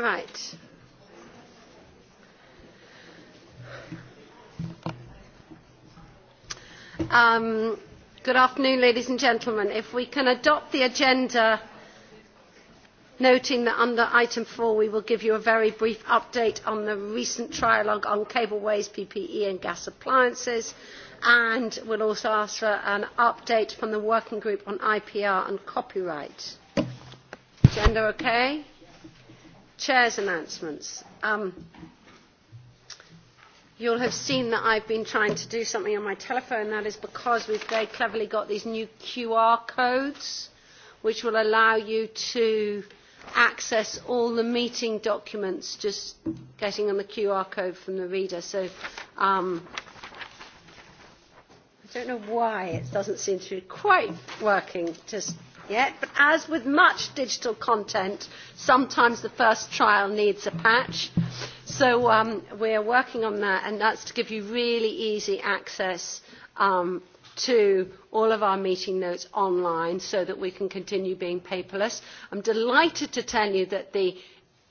Right. Um, good afternoon, ladies and gentlemen. If we can adopt the agenda, noting that under item four we will give you a very brief update on the recent trialogue on cableways, PPE and gas appliances, and we'll also ask for an update from the working group on IPR and copyright. Agenda okay? Chair's announcements. Um, you'll have seen that I've been trying to do something on my telephone. That is because we've very cleverly got these new QR codes, which will allow you to access all the meeting documents just getting on the QR code from the reader. So um, I don't know why it doesn't seem to be quite working. Just yet, but as with much digital content, sometimes the first trial needs a patch. So um, we're working on that, and that's to give you really easy access um, to all of our meeting notes online so that we can continue being paperless. I'm delighted to tell you that the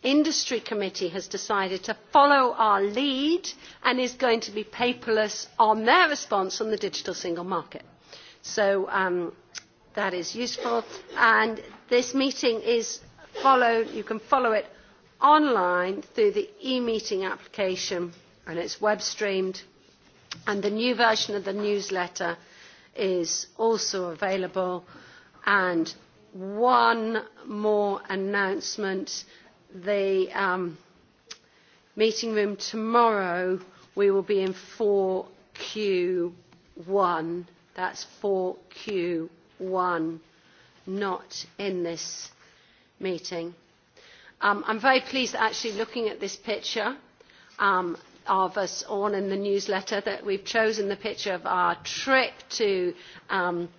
industry committee has decided to follow our lead and is going to be paperless on their response on the digital single market. So um, that is useful. And this meeting is followed, you can follow it online through the e-meeting application and it's web streamed. And the new version of the newsletter is also available. And one more announcement. The um, meeting room tomorrow, we will be in 4Q1. That's 4Q1 one not in this meeting. Um, I'm very pleased actually looking at this picture um, of us on in the newsletter that we've chosen the picture of our trip to um,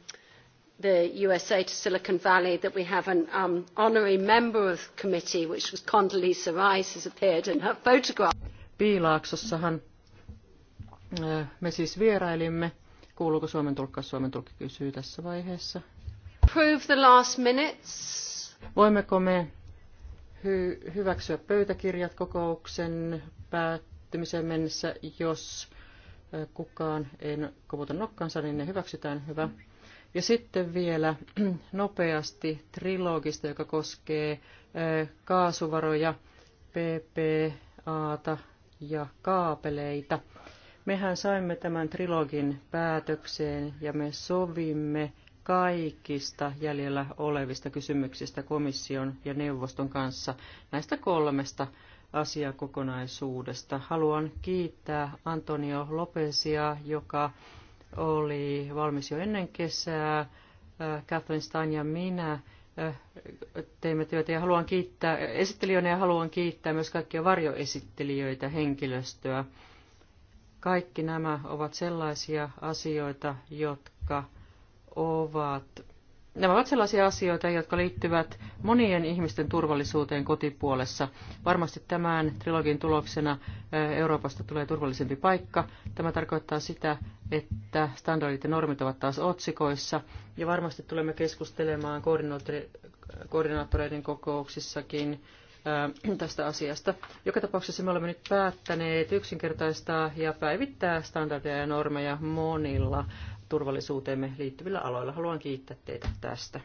the USA to Silicon Valley that we have an um, honorary member of the committee, which was Condoleezza Rice, has appeared in her photograph. Piilaaksossahan äh, me siis vierailimme Kuuluuko Suomen tulkkaus? Suomen tulkki kysyy tässä vaiheessa. Prove the last minutes. Voimmeko me hy- hyväksyä pöytäkirjat kokouksen päättymiseen mennessä, jos kukaan ei kovuta nokkansa, niin ne hyväksytään. Hyvä. Ja sitten vielä nopeasti trilogista, joka koskee kaasuvaroja, PPAta ja kaapeleita. Mehän saimme tämän trilogin päätökseen ja me sovimme kaikista jäljellä olevista kysymyksistä komission ja neuvoston kanssa näistä kolmesta asiakokonaisuudesta. Haluan kiittää Antonio Lopesia, joka oli valmis jo ennen kesää. Kathleen äh, Stein ja minä äh, teimme työtä ja haluan kiittää esittelijöitä ja haluan kiittää myös kaikkia varjoesittelijöitä, henkilöstöä kaikki nämä ovat sellaisia asioita, jotka ovat Nämä ovat sellaisia asioita, jotka liittyvät monien ihmisten turvallisuuteen kotipuolessa. Varmasti tämän trilogin tuloksena eh, Euroopasta tulee turvallisempi paikka. Tämä tarkoittaa sitä, että standardit ja normit ovat taas otsikoissa. Ja varmasti tulemme keskustelemaan koordinaattoreiden kokouksissakin tästä asiasta. Joka tapauksessa me olemme nyt päättäneet yksinkertaistaa ja päivittää standardeja ja normeja monilla turvallisuuteemme liittyvillä aloilla. Haluan kiittää teitä tästä.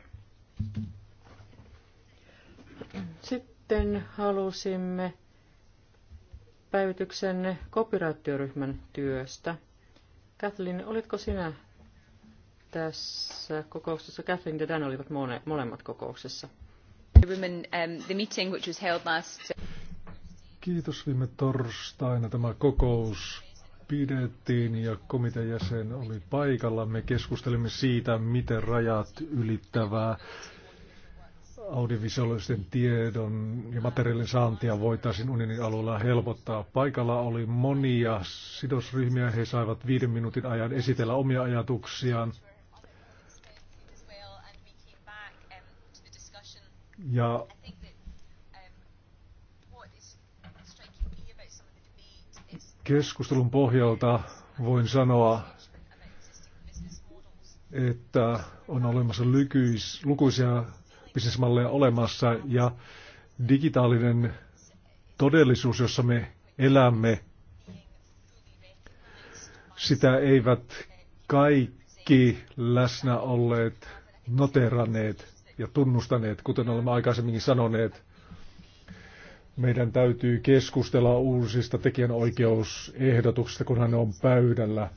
Sitten halusimme päivityksen copyright-työryhmän työstä. Kathleen, olitko sinä tässä kokouksessa? Kathleen ja Dan olivat molemmat kokouksessa. Kiitos viime torstaina tämä kokous pidettiin ja komitean jäsen oli paikalla. Me keskustelimme siitä, miten rajat ylittävää audiovisuaalisten tiedon ja materiaalin saantia voitaisiin unionin alueella helpottaa. Paikalla oli monia sidosryhmiä. He saivat viiden minuutin ajan esitellä omia ajatuksiaan. Ja um, keskustelun pohjalta voin sanoa, että on olemassa lykyis, lukuisia bisnesmalleja olemassa ja digitaalinen todellisuus, jossa me elämme, sitä eivät kaikki läsnä olleet noteraneet ja tunnustaneet, kuten olemme aikaisemminkin sanoneet. Meidän täytyy keskustella uusista tekijänoikeusehdotuksista, kunhan ne on pöydällä.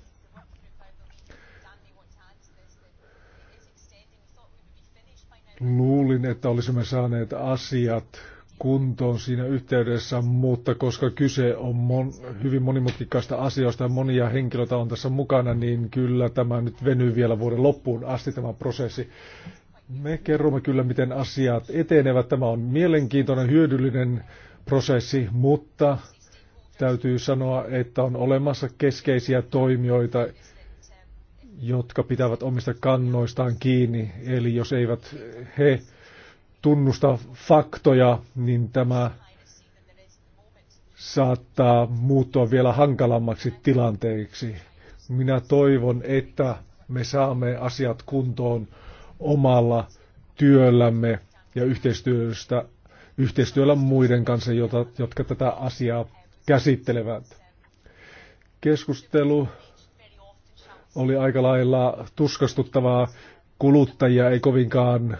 Luulin, että olisimme saaneet asiat kuntoon siinä yhteydessä, mutta koska kyse on mon- hyvin monimutkikkaista asioista ja monia henkilöitä on tässä mukana, niin kyllä tämä nyt venyy vielä vuoden loppuun asti tämä prosessi. Me kerromme kyllä, miten asiat etenevät. Tämä on mielenkiintoinen, hyödyllinen prosessi, mutta täytyy sanoa, että on olemassa keskeisiä toimijoita, jotka pitävät omista kannoistaan kiinni. Eli jos eivät he tunnusta faktoja, niin tämä saattaa muuttua vielä hankalammaksi tilanteeksi. Minä toivon, että me saamme asiat kuntoon omalla työllämme ja yhteistyöstä, yhteistyöllä muiden kanssa, jota, jotka tätä asiaa käsittelevät. Keskustelu oli aika lailla tuskastuttavaa. Kuluttajia ei kovinkaan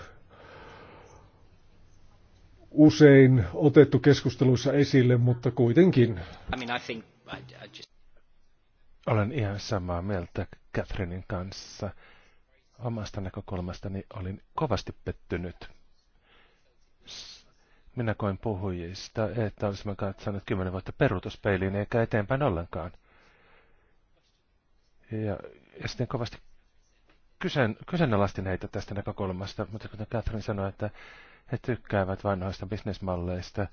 usein otettu keskusteluissa esille, mutta kuitenkin. Olen ihan samaa mieltä Catherinein kanssa omasta näkökulmastani olin kovasti pettynyt. Minä koin puhujista, että olisimme katsoneet kymmenen vuotta peruutuspeiliin eikä eteenpäin ollenkaan. Ja, ja sitten kovasti kysen, kyseenalaistin heitä tästä näkökulmasta, mutta kuten Catherine sanoi, että he tykkäävät vanhoista bisnesmalleista,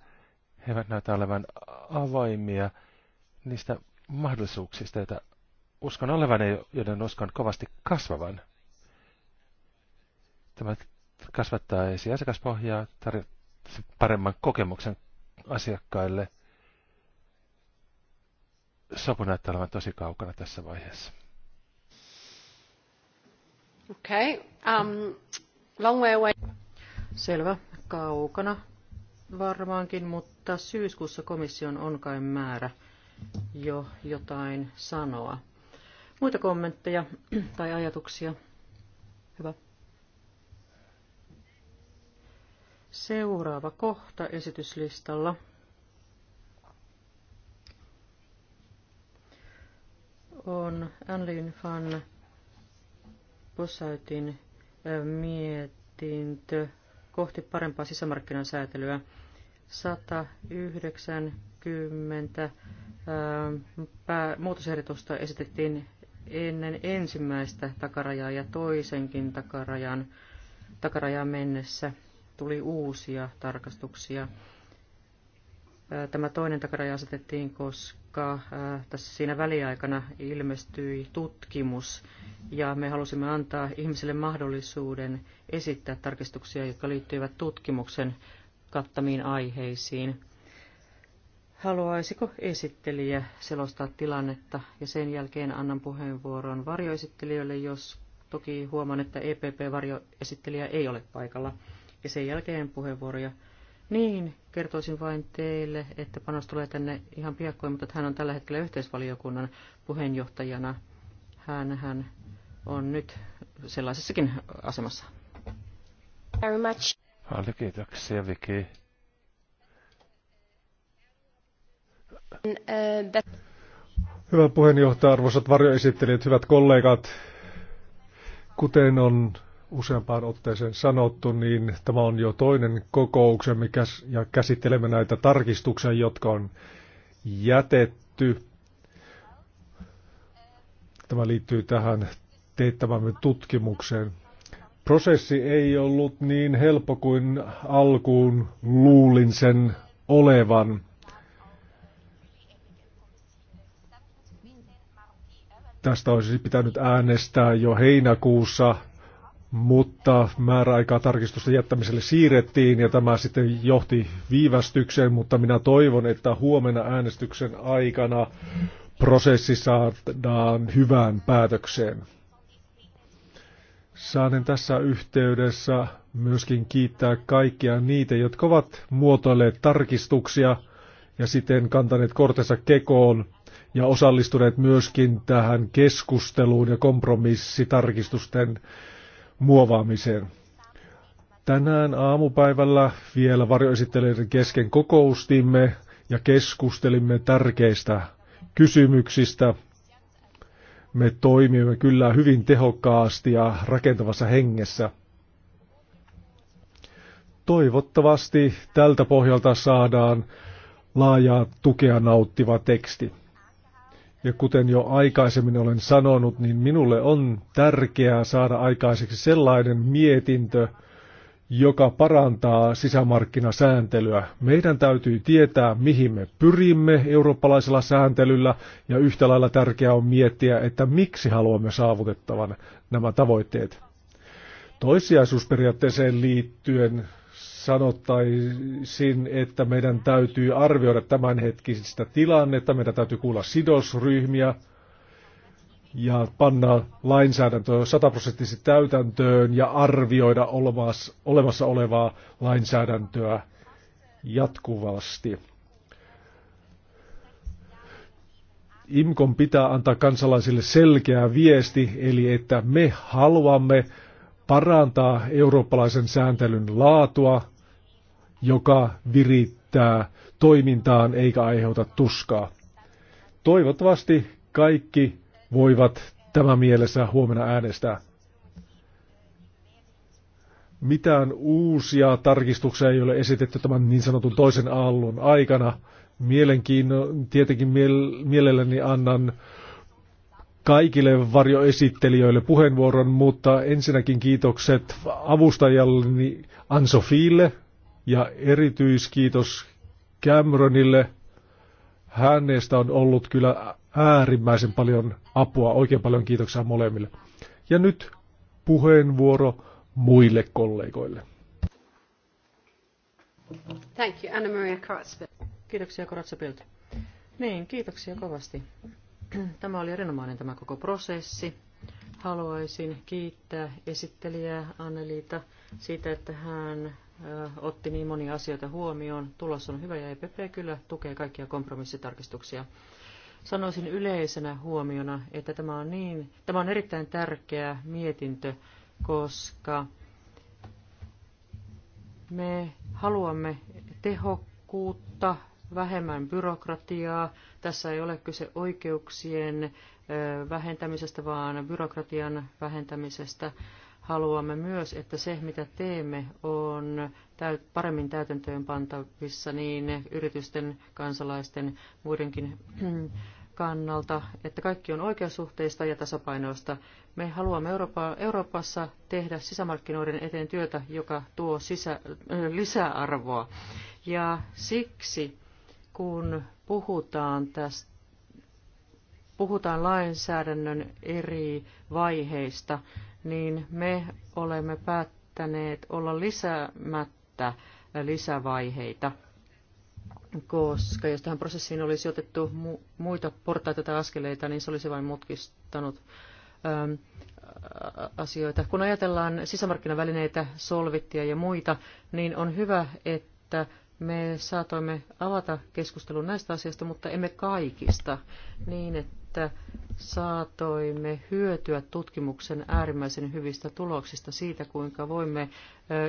he eivät näytä olevan avoimia niistä mahdollisuuksista, joita uskon olevan ja joiden uskon kovasti kasvavan. Tämä kasvattaa esiasiakaspohjaa, tarjoaa paremman kokemuksen asiakkaille. Sopu näyttää olevan tosi kaukana tässä vaiheessa. Okay. Um, long way away. Selvä. Kaukana varmaankin, mutta syyskuussa komission on kai määrä jo jotain sanoa. Muita kommentteja tai ajatuksia? Hyvä. Seuraava kohta esityslistalla. on Anlin van Bossautin mietintö kohti parempaa sisämarkkinan säätelyä. 190 pää, muutosehdotusta esitettiin ennen ensimmäistä takarajaa ja toisenkin takarajan, takarajaa mennessä tuli uusia tarkastuksia. Tämä toinen takaraja asetettiin, koska tässä siinä väliaikana ilmestyi tutkimus ja me halusimme antaa ihmisille mahdollisuuden esittää tarkistuksia, jotka liittyivät tutkimuksen kattamiin aiheisiin. Haluaisiko esittelijä selostaa tilannetta ja sen jälkeen annan puheenvuoron varjoesittelijöille, jos toki huomaan, että EPP-varjoesittelijä ei ole paikalla ja sen jälkeen puheenvuoroja. Niin, kertoisin vain teille, että Panos tulee tänne ihan piakkoin, mutta hän on tällä hetkellä yhteisvaliokunnan puheenjohtajana. Hän, hän on nyt sellaisessakin asemassa. Very much. Halli, kiitoksia, Viki. Hyvä puheenjohtaja, arvoisat varjoesittelijät, hyvät kollegat. Kuten on useampaan otteeseen sanottu, niin tämä on jo toinen kokouksemme ja käsittelemme näitä tarkistuksia, jotka on jätetty. Tämä liittyy tähän teettävämme tutkimukseen. Prosessi ei ollut niin helppo kuin alkuun luulin sen olevan. Tästä olisi pitänyt äänestää jo heinäkuussa mutta määräaikaa tarkistusta jättämiselle siirrettiin ja tämä sitten johti viivästykseen, mutta minä toivon, että huomenna äänestyksen aikana prosessi saadaan hyvään päätökseen. Saanen tässä yhteydessä myöskin kiittää kaikkia niitä, jotka ovat muotoilleet tarkistuksia ja siten kantaneet kortensa kekoon ja osallistuneet myöskin tähän keskusteluun ja kompromissitarkistusten muovaamiseen. Tänään aamupäivällä vielä varjoesittelijöiden kesken kokoustimme ja keskustelimme tärkeistä kysymyksistä. Me toimimme kyllä hyvin tehokkaasti ja rakentavassa hengessä. Toivottavasti tältä pohjalta saadaan laajaa tukea nauttiva teksti. Ja kuten jo aikaisemmin olen sanonut, niin minulle on tärkeää saada aikaiseksi sellainen mietintö, joka parantaa sisämarkkinasääntelyä. Meidän täytyy tietää, mihin me pyrimme eurooppalaisella sääntelyllä, ja yhtä lailla tärkeää on miettiä, että miksi haluamme saavutettavan nämä tavoitteet. Toissijaisuusperiaatteeseen liittyen sanottaisin, että meidän täytyy arvioida tämänhetkistä tilannetta, meidän täytyy kuulla sidosryhmiä ja panna lainsäädäntö sataprosenttisesti täytäntöön ja arvioida olemassa olevaa lainsäädäntöä jatkuvasti. IMKON pitää antaa kansalaisille selkeä viesti, eli että me haluamme parantaa eurooppalaisen sääntelyn laatua joka virittää toimintaan eikä aiheuta tuskaa. Toivottavasti kaikki voivat tämä mielessä huomenna äänestää. Mitään uusia tarkistuksia ei ole esitetty tämän niin sanotun toisen aallon aikana. Mielenkiinno, tietenkin mielelläni annan kaikille varjoesittelijöille puheenvuoron, mutta ensinnäkin kiitokset avustajalleni Ansofiille ja erityiskiitos Cameronille. Hänestä on ollut kyllä äärimmäisen paljon apua. Oikein paljon kiitoksia molemmille. Ja nyt puheenvuoro muille kollegoille. Thank you, Anna-Maria Kiitoksia, Koratsapilt. Niin, kiitoksia kovasti. Tämä oli erinomainen tämä koko prosessi. Haluaisin kiittää esittelijää Anneliita siitä, että hän otti niin monia asioita huomioon. Tulos on hyvä ja EPP kyllä tukee kaikkia kompromissitarkistuksia. Sanoisin yleisenä huomiona, että tämä on, niin, tämä on erittäin tärkeä mietintö, koska me haluamme tehokkuutta, vähemmän byrokratiaa. Tässä ei ole kyse oikeuksien vähentämisestä, vaan byrokratian vähentämisestä haluamme myös, että se mitä teemme on paremmin täytäntöön pantavissa niin yritysten, kansalaisten, muidenkin kannalta, että kaikki on oikeasuhteista ja tasapainoista. Me haluamme Eurooppa, Euroopassa tehdä sisämarkkinoiden eteen työtä, joka tuo sisä, äh, lisäarvoa. Ja siksi, kun puhutaan tästä puhutaan lainsäädännön eri vaiheista, niin me olemme päättäneet olla lisäämättä lisävaiheita, koska jos tähän prosessiin olisi otettu muita portaita tai askeleita, niin se olisi vain mutkistanut ähm, asioita. Kun ajatellaan sisämarkkinavälineitä, solvittia ja muita, niin on hyvä, että me saatoimme avata keskustelun näistä asioista, mutta emme kaikista, niin että että saatoimme hyötyä tutkimuksen äärimmäisen hyvistä tuloksista siitä, kuinka voimme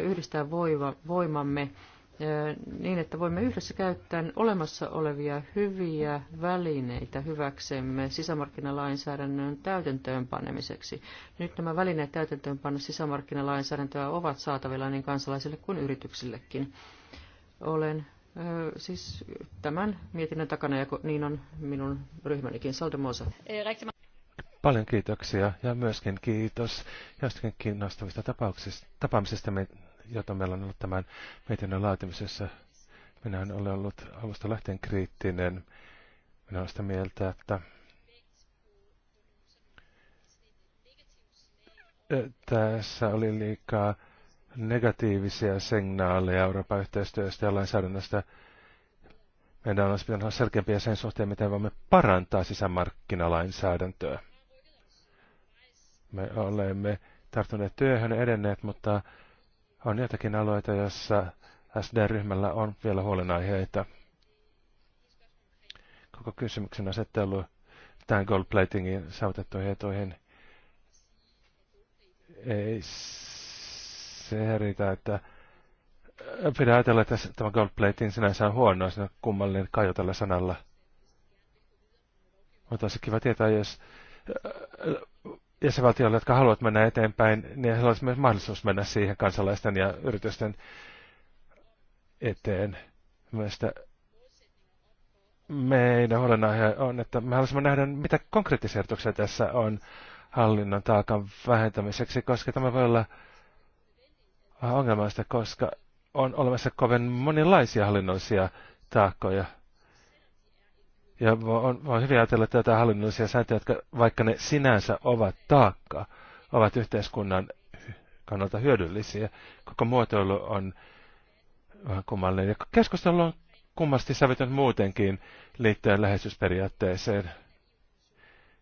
yhdistää voimamme niin, että voimme yhdessä käyttää olemassa olevia hyviä välineitä hyväksemme sisämarkkinalainsäädännön täytäntöönpanemiseksi. Nyt nämä välineet täytäntöönpanna sisämarkkinalainsäädäntöä ovat saatavilla niin kansalaisille kuin yrityksillekin. Olen siis tämän mietinnön takana, ja niin on minun ryhmänikin Saldemosa. Paljon kiitoksia ja myöskin kiitos jostakin kiinnostavista tapauksista, tapaamisista, joita meillä on ollut tämän mietinnön laatimisessa. Minä olen ollut alusta lähtien kriittinen. Minä olen sitä mieltä, että tässä oli liikaa negatiivisia signaaleja Euroopan yhteistyöstä ja lainsäädännöstä. Meidän olisi pitänyt olla selkeämpiä sen suhteen, miten voimme parantaa sisämarkkinalainsäädäntöä. Me olemme tarttuneet työhön edenneet, mutta on jotakin aloita, joissa SD-ryhmällä on vielä huolenaiheita. Koko kysymyksen asettelu tämän goldplatingin saavutettuihin etuihin ei se riitä, että pidä ajatella, että tämä gold plating sinänsä on huono, siinä on kummallinen kajo tällä sanalla. Mutta olisi kiva tietää, jos äh, jäsenvaltioille, jotka haluavat mennä eteenpäin, niin heillä olisi myös mahdollisuus mennä siihen kansalaisten ja yritysten eteen. Mielestäni meidän huolenaihe on, että me haluaisimme nähdä, mitä konkreettisia tässä on hallinnon taakan vähentämiseksi, koska tämä voi olla ongelmallista, koska on olemassa kovin monenlaisia hallinnollisia taakkoja. Ja on, on hyvin ajatella tätä hallinnollisia sääntöjä, jotka vaikka ne sinänsä ovat taakka, ovat yhteiskunnan kannalta hyödyllisiä. Koko muotoilu on vähän kummallinen. Ja keskustelu on kummasti sävytön muutenkin liittyen läheisyysperiaatteeseen.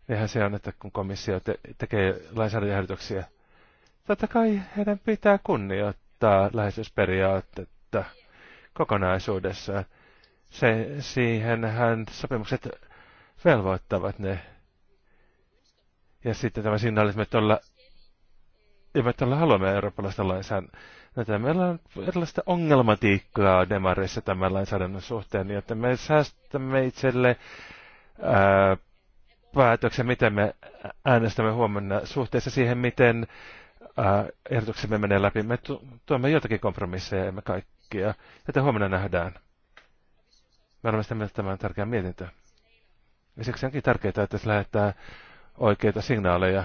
Nehän se on, että kun komissio te- tekee lainsäädäntöehdotuksia, Totta kai heidän pitää kunnioittaa läheisyysperiaatetta kokonaisuudessaan. Se, siihenhän sopimukset velvoittavat ne. Ja sitten tämä signaali, että me tuolla, ja me tuolla haluamme eurooppalaista lainsäädäntöä. Meillä on erilaista ongelmatiikkaa demareissa tämän lainsäädännön suhteen, niin että me säästämme itselle ää, päätöksen, miten me äänestämme huomenna suhteessa siihen, miten Äh, ehdotuksemme menee läpi. Me tuomme joitakin kompromisseja, emme kaikkia, joten huomenna nähdään. Me olemme sitä mieltä tämän tärkeän mietintö. Ja siksi onkin tärkeää, että se lähettää oikeita signaaleja.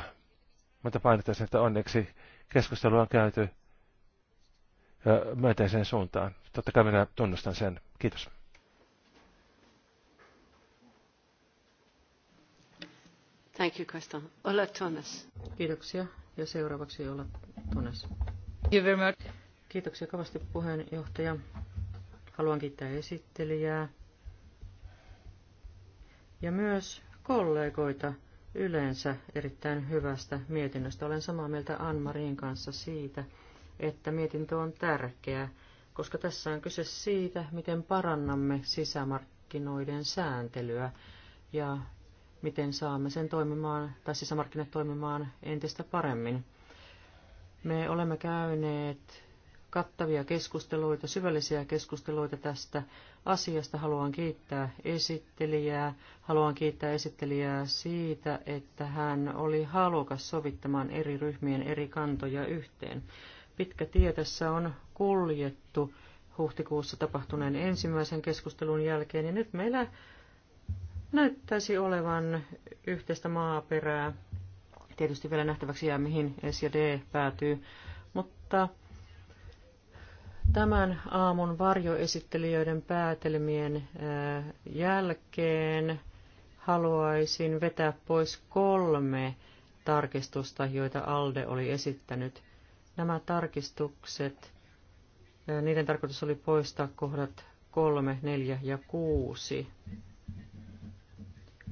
Mutta painottaisin, että onneksi keskustelu on käyty myönteiseen suuntaan. Totta kai minä tunnustan sen. Kiitos. Thank you, Kostan. Ola Thomas. Kiitoksia ja seuraavaksi olla Tunes. Kiitoksia kovasti puheenjohtaja. Haluan kiittää esittelijää ja myös kollegoita yleensä erittäin hyvästä mietinnöstä. Olen samaa mieltä Anmarin kanssa siitä, että mietintö on tärkeä, koska tässä on kyse siitä, miten parannamme sisämarkkinoiden sääntelyä ja miten saamme sen toimimaan, tai sisämarkkinat toimimaan entistä paremmin. Me olemme käyneet kattavia keskusteluita, syvällisiä keskusteluita tästä asiasta. Haluan kiittää esittelijää. Haluan kiittää esittelijää siitä, että hän oli halukas sovittamaan eri ryhmien eri kantoja yhteen. Pitkä tie tässä on kuljettu huhtikuussa tapahtuneen ensimmäisen keskustelun jälkeen, ja nyt meillä näyttäisi olevan yhteistä maaperää. Tietysti vielä nähtäväksi jää, mihin S ja D päätyy, mutta tämän aamun varjoesittelijöiden päätelmien äh, jälkeen haluaisin vetää pois kolme tarkistusta, joita Alde oli esittänyt. Nämä tarkistukset, äh, niiden tarkoitus oli poistaa kohdat kolme, neljä ja kuusi.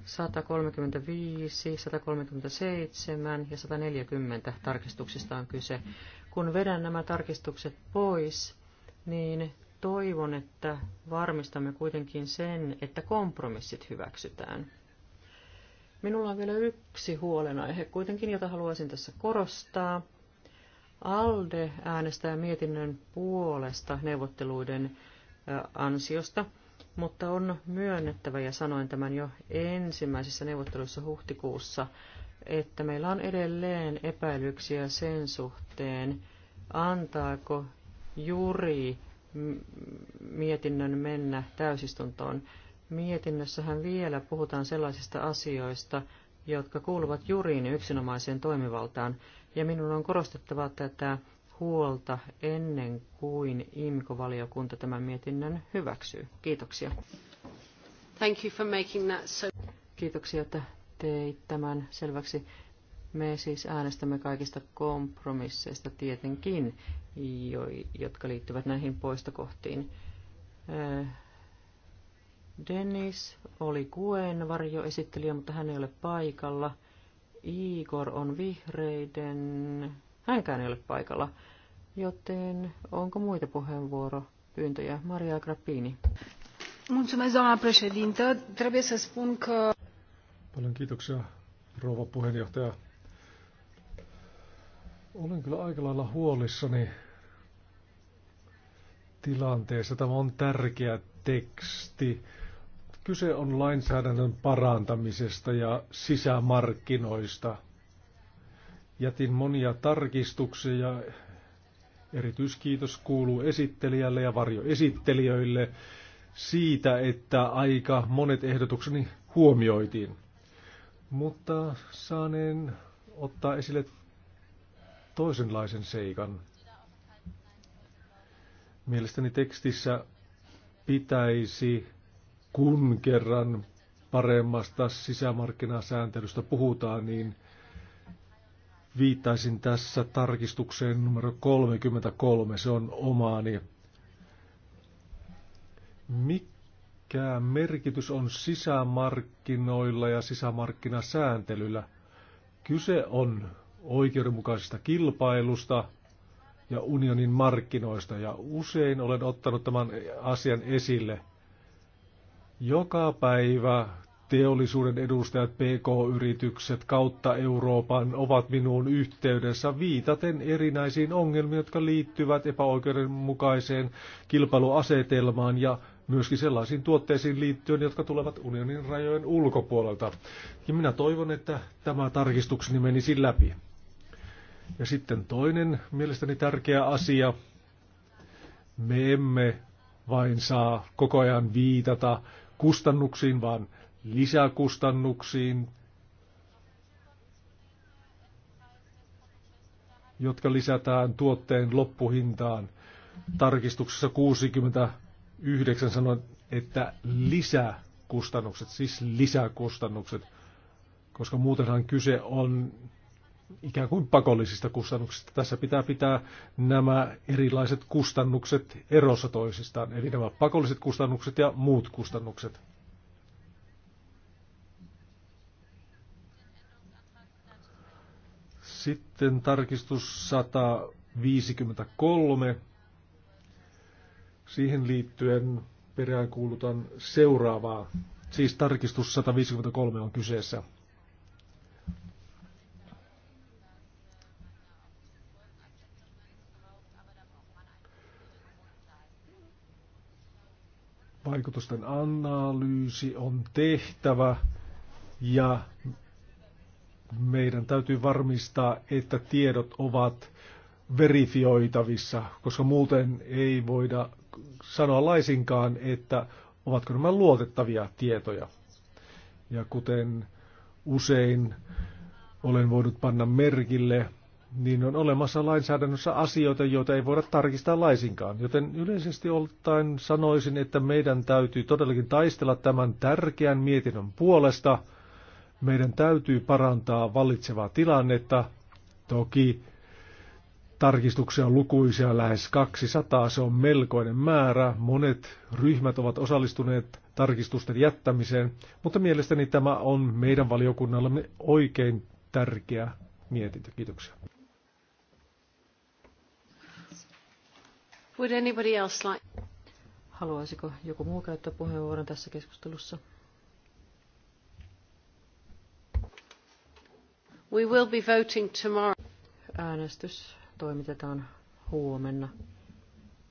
135, 137 ja 140 tarkistuksista on kyse. Kun vedän nämä tarkistukset pois, niin toivon, että varmistamme kuitenkin sen, että kompromissit hyväksytään. Minulla on vielä yksi huolenaihe kuitenkin, jota haluaisin tässä korostaa. ALDE äänestää mietinnön puolesta neuvotteluiden ansiosta. Mutta on myönnettävä, ja sanoin tämän jo ensimmäisissä neuvotteluissa huhtikuussa, että meillä on edelleen epäilyksiä sen suhteen, antaako juri mietinnön mennä täysistuntoon. Mietinnössähän vielä puhutaan sellaisista asioista, jotka kuuluvat juriin yksinomaiseen toimivaltaan, ja minun on korostettava tätä huolta ennen kuin imco valiokunta tämän mietinnön hyväksyy. Kiitoksia. Thank you for making that so... Kiitoksia, että teit tämän selväksi. Me siis äänestämme kaikista kompromisseista tietenkin, jotka liittyvät näihin poistokohtiin. Äh, Dennis oli Kuen varjoesittelijä, mutta hän ei ole paikalla. Igor on vihreiden Hänkään ei ole paikalla. Joten onko muita puheenvuoropyyntöjä? Maria Grappini. Mulțumesc, doamna președintă. Trebuie să spun că... Paljon kiitoksia, rouva puheenjohtaja. Olen kyllä aika lailla huolissani tilanteessa. Tämä on tärkeä teksti. Kyse on lainsäädännön parantamisesta ja sisämarkkinoista – Jätin monia tarkistuksia erityiskiitos kuuluu esittelijälle ja varjoesittelijöille siitä, että aika monet ehdotukseni huomioitiin. Mutta saaneen ottaa esille toisenlaisen seikan. Mielestäni tekstissä pitäisi, kun kerran paremmasta sisämarkkinasääntelystä puhutaan, niin – viittaisin tässä tarkistukseen numero 33, se on omaani. Mikä merkitys on sisämarkkinoilla ja sisämarkkinasääntelyllä? Kyse on oikeudenmukaisesta kilpailusta ja unionin markkinoista, ja usein olen ottanut tämän asian esille. Joka päivä teollisuuden edustajat, PK-yritykset kautta Euroopan ovat minuun yhteydessä viitaten erinäisiin ongelmiin, jotka liittyvät epäoikeudenmukaiseen kilpailuasetelmaan ja myöskin sellaisiin tuotteisiin liittyen, jotka tulevat unionin rajojen ulkopuolelta. Ja minä toivon, että tämä tarkistukseni menisi läpi. Ja sitten toinen mielestäni tärkeä asia. Me emme vain saa koko ajan viitata kustannuksiin, vaan lisäkustannuksiin, jotka lisätään tuotteen loppuhintaan. Tarkistuksessa 69 sanoin, että lisäkustannukset, siis lisäkustannukset, koska muutenhan kyse on ikään kuin pakollisista kustannuksista. Tässä pitää pitää nämä erilaiset kustannukset erossa toisistaan, eli nämä pakolliset kustannukset ja muut kustannukset. Sitten tarkistus 153. Siihen liittyen peräänkuulutan seuraavaa. Siis tarkistus 153 on kyseessä. Vaikutusten analyysi on tehtävä ja meidän täytyy varmistaa, että tiedot ovat verifioitavissa, koska muuten ei voida sanoa laisinkaan, että ovatko nämä luotettavia tietoja. Ja kuten usein olen voinut panna merkille, niin on olemassa lainsäädännössä asioita, joita ei voida tarkistaa laisinkaan. Joten yleisesti ottaen sanoisin, että meidän täytyy todellakin taistella tämän tärkeän mietinnön puolesta – meidän täytyy parantaa vallitsevaa tilannetta. Toki tarkistuksia on lukuisia, lähes 200, se on melkoinen määrä. Monet ryhmät ovat osallistuneet tarkistusten jättämiseen, mutta mielestäni tämä on meidän valiokunnallamme oikein tärkeä mietintö. Kiitoksia. Would anybody else like... Haluaisiko joku muu käyttää puheenvuoron tässä keskustelussa? We will be voting tomorrow. Äänestys toimitetaan huomenna.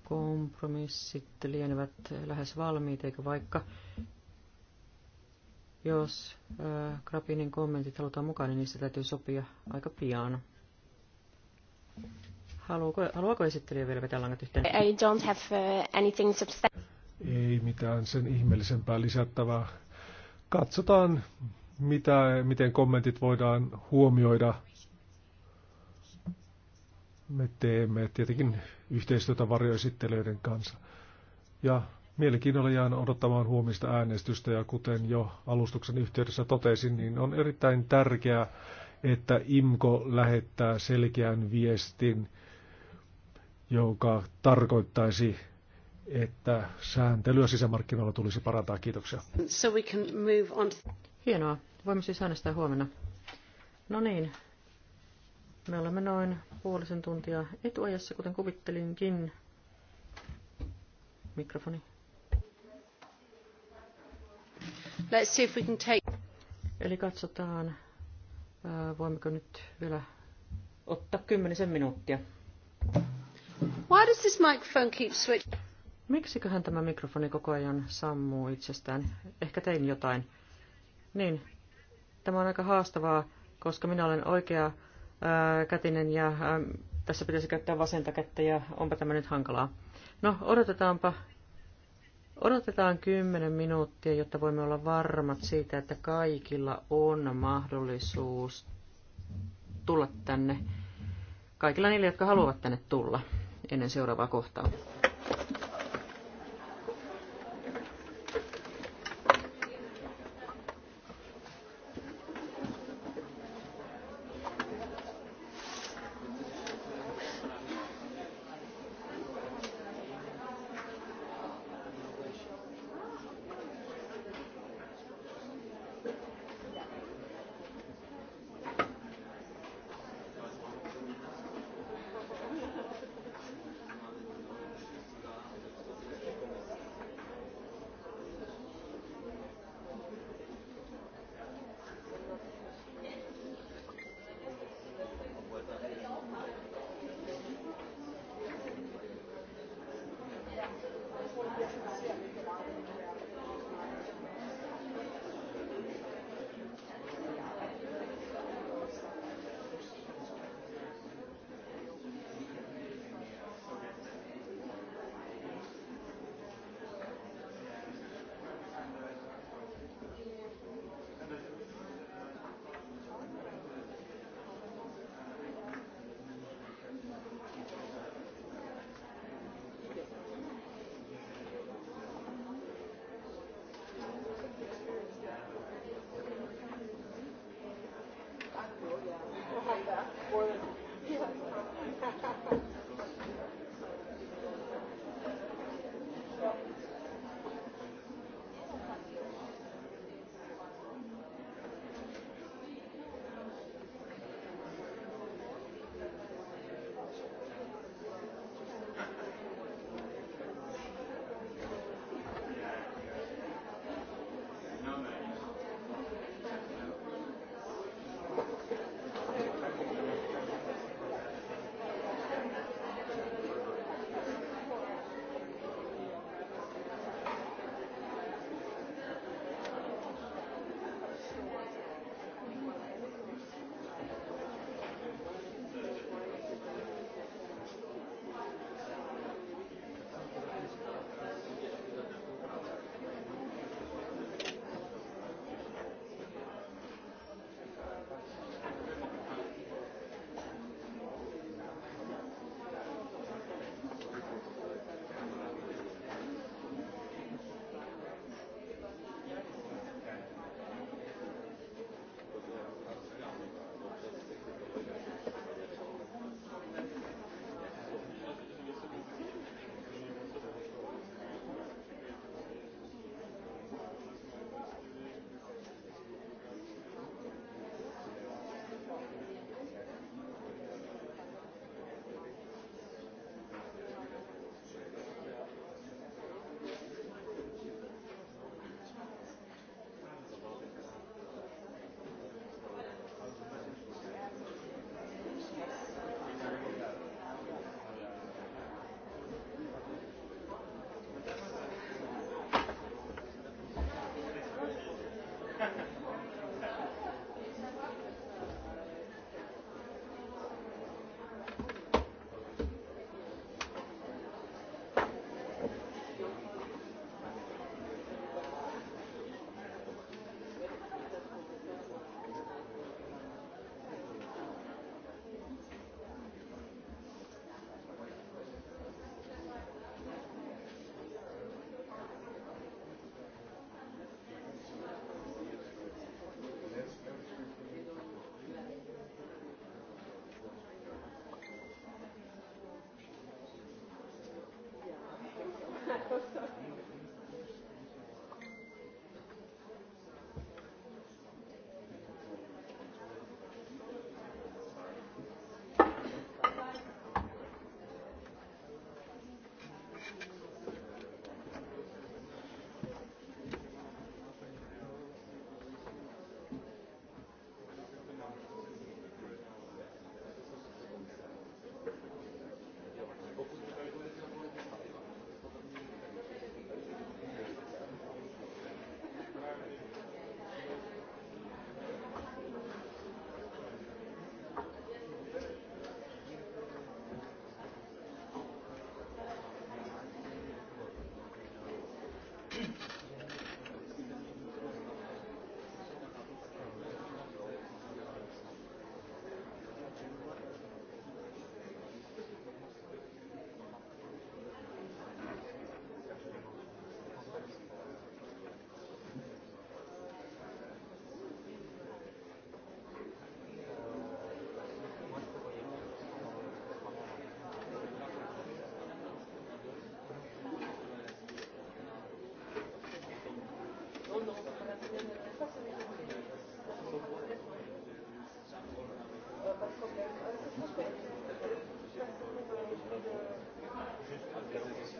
Kompromissit lienevät lähes valmiit, eikö vaikka jos äh, Krapinin kommentit halutaan mukaan, niin niistä täytyy sopia aika pian. Haluaako, haluaako esittelijä vielä vetää langat yhteen? I don't have uh, anything substantial. Ei mitään sen ihmeellisempää lisättävää. Katsotaan, mitä, miten kommentit voidaan huomioida. Me teemme tietenkin yhteistyötä varjoesittelijöiden kanssa. Ja mielenkiinnolla jään odottamaan huomista äänestystä ja kuten jo alustuksen yhteydessä totesin, niin on erittäin tärkeää, että IMKO lähettää selkeän viestin, joka tarkoittaisi, että sääntelyä sisämarkkinoilla tulisi parantaa. Kiitoksia. So we can move on. Hienoa. Voimme siis äänestää huomenna. No niin, me olemme noin puolisen tuntia etuajassa, kuten kuvittelinkin. Mikrofoni. Let's see if we can take... Eli katsotaan, voimmeko nyt vielä ottaa kymmenisen minuuttia. Why does this microphone keep switching? Miksiköhän tämä mikrofoni koko ajan sammuu itsestään? Ehkä tein jotain. Niin, tämä on aika haastavaa, koska minä olen oikea ää, kätinen ja ää, tässä pitäisi käyttää vasenta kättä ja onpa tämä nyt hankalaa. No, odotetaanpa. Odotetaan 10 minuuttia, jotta voimme olla varmat siitä, että kaikilla on mahdollisuus tulla tänne. Kaikilla niillä, jotka haluavat tänne tulla ennen seuraavaa kohtaa. Juste parce que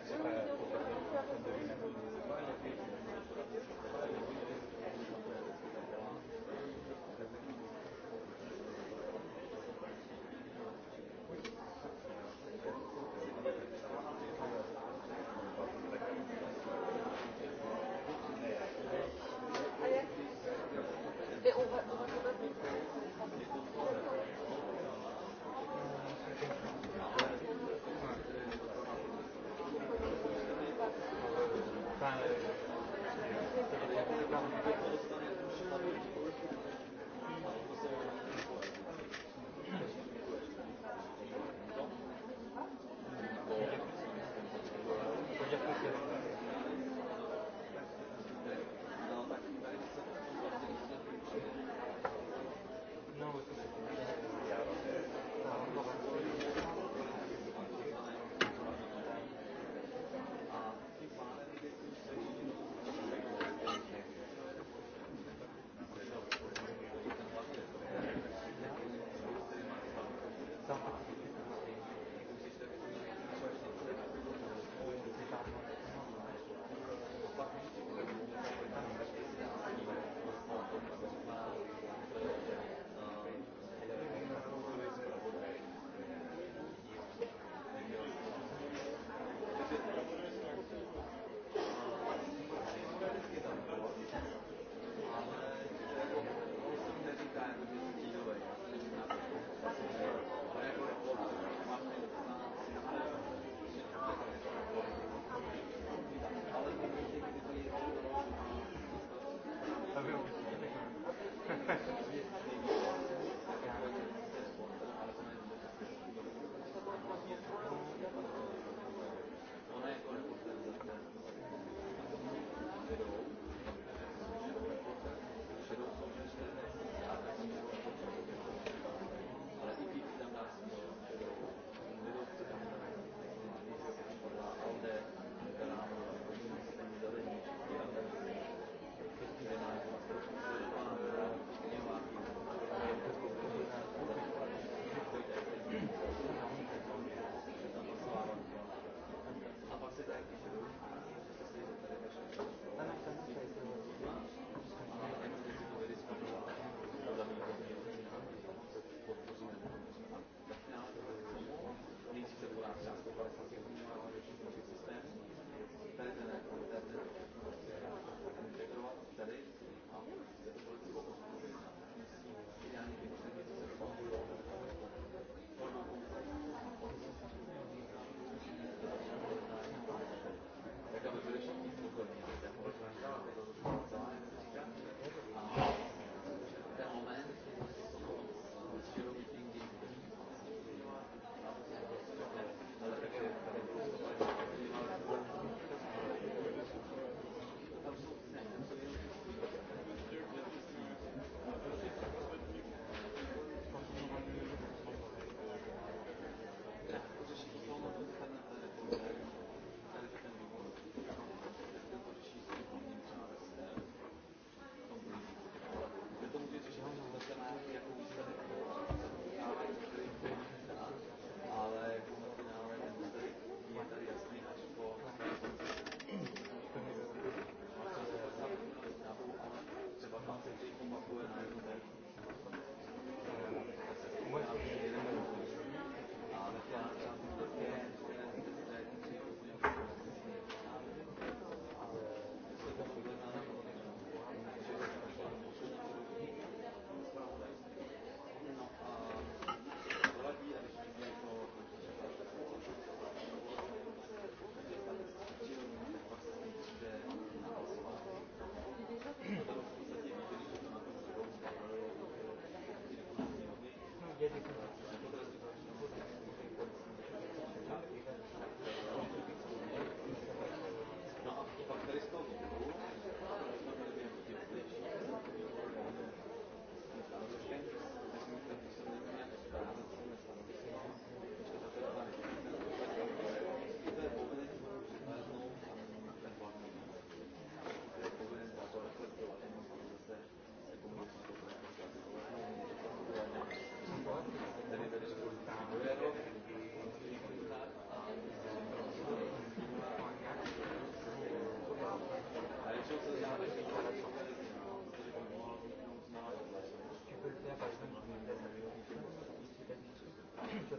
c'est pas complètement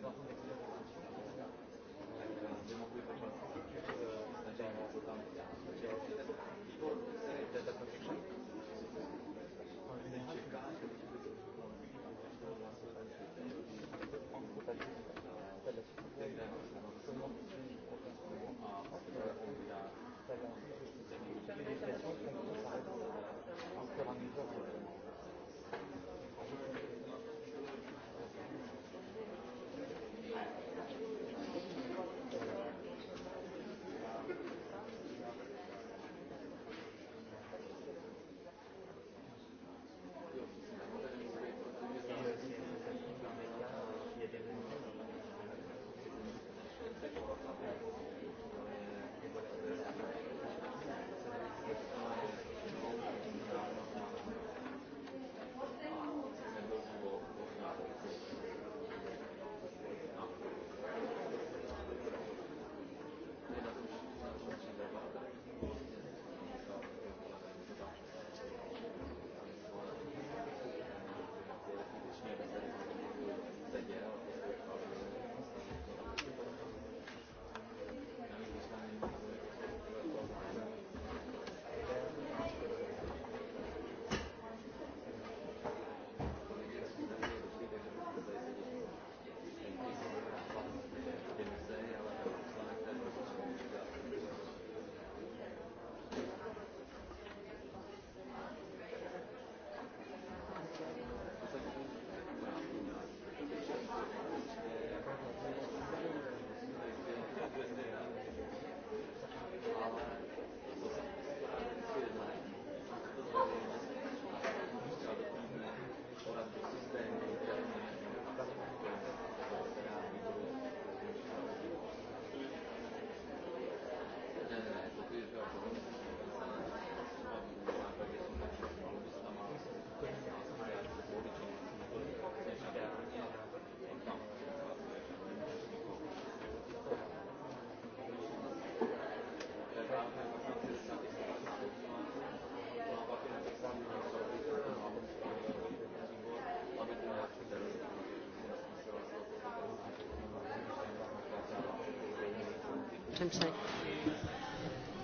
Bakın.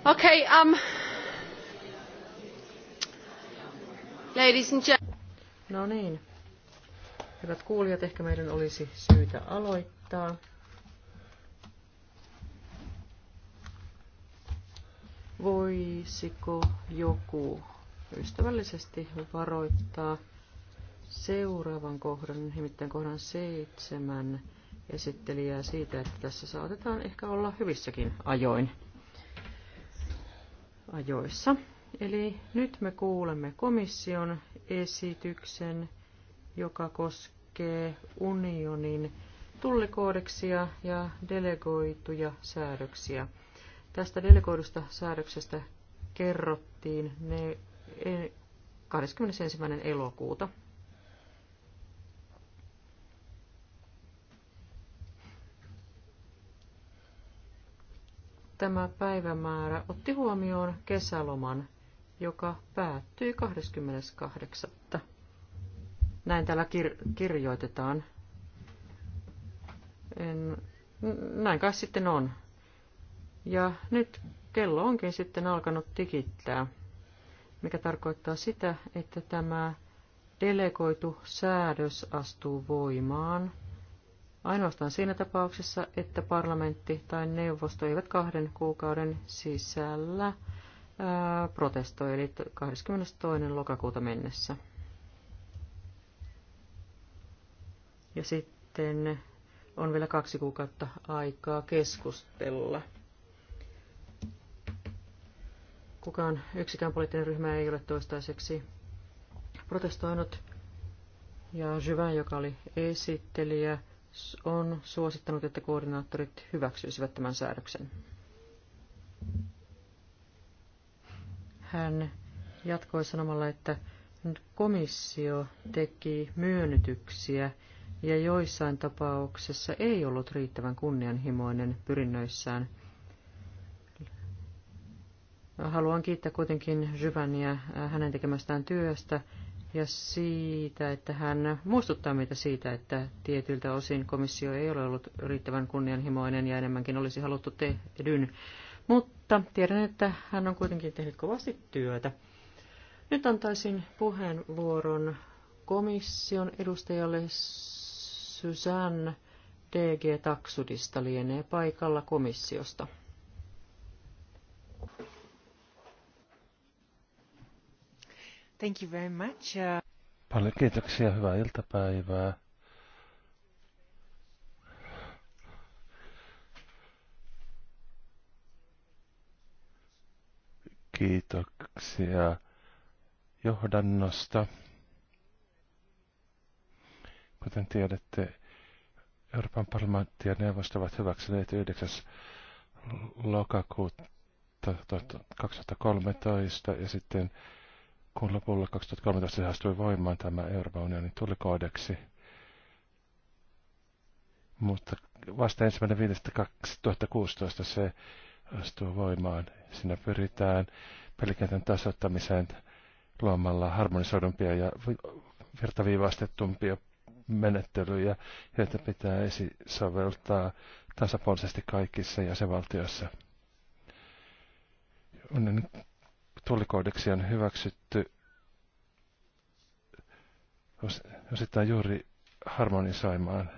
Okay, um, ladies and gentlemen. No niin. Hyvät kuulijat, ehkä meidän olisi syytä aloittaa. Voisiko joku ystävällisesti varoittaa seuraavan kohdan, nimittäin kohdan seitsemän esittelijää siitä, että tässä saatetaan ehkä olla hyvissäkin ajoin ajoissa. Eli nyt me kuulemme komission esityksen, joka koskee unionin tullikoodeksia ja delegoituja säädöksiä. Tästä delegoidusta säädöksestä kerrottiin ne 21. E- elokuuta tämä päivämäärä otti huomioon kesäloman, joka päättyi 28. Näin täällä kir- kirjoitetaan. En, näin kai sitten on. Ja nyt kello onkin sitten alkanut tikittää, mikä tarkoittaa sitä, että tämä delegoitu säädös astuu voimaan – Ainoastaan siinä tapauksessa, että parlamentti tai neuvosto eivät kahden kuukauden sisällä ää, protestoi, eli 22. lokakuuta mennessä. Ja sitten on vielä kaksi kuukautta aikaa keskustella. Kukaan yksikään poliittinen ryhmä ei ole toistaiseksi protestoinut. Ja Jyvän, joka oli esittelijä, on suosittanut, että koordinaattorit hyväksyisivät tämän säädöksen. Hän jatkoi sanomalla, että komissio teki myönnytyksiä ja joissain tapauksessa ei ollut riittävän kunnianhimoinen pyrinnöissään. Haluan kiittää kuitenkin Jyväniä hänen tekemästään työstä ja siitä, että hän muistuttaa meitä siitä, että tietyiltä osin komissio ei ole ollut riittävän kunnianhimoinen ja enemmänkin olisi haluttu tehdyn. Mutta tiedän, että hän on kuitenkin tehnyt kovasti työtä. Nyt antaisin puheenvuoron komission edustajalle Susanne DG Taksudista lienee paikalla komissiosta. Thank you very much. Uh, Paljon kiitoksia, hyvää iltapäivää. Kiitoksia johdannosta. Kuten tiedätte, Euroopan parlamentti ja neuvosto ovat hyväksyneet 9. lokakuuta 2013 ja sitten kun lopulla 2013 se astui voimaan tämä Euroopan unionin tulikoodeksi. Mutta vasta ensimmäinen 2016 se astuu voimaan. Siinä pyritään pelikentän tasoittamiseen luomalla harmonisoidumpia ja virtaviivastettumpia menettelyjä, joita pitää esisoveltaa tasapuolisesti kaikissa jäsenvaltioissa. Unionin tullikoodeksi on hyväksytty osittain juuri harmonisoimaan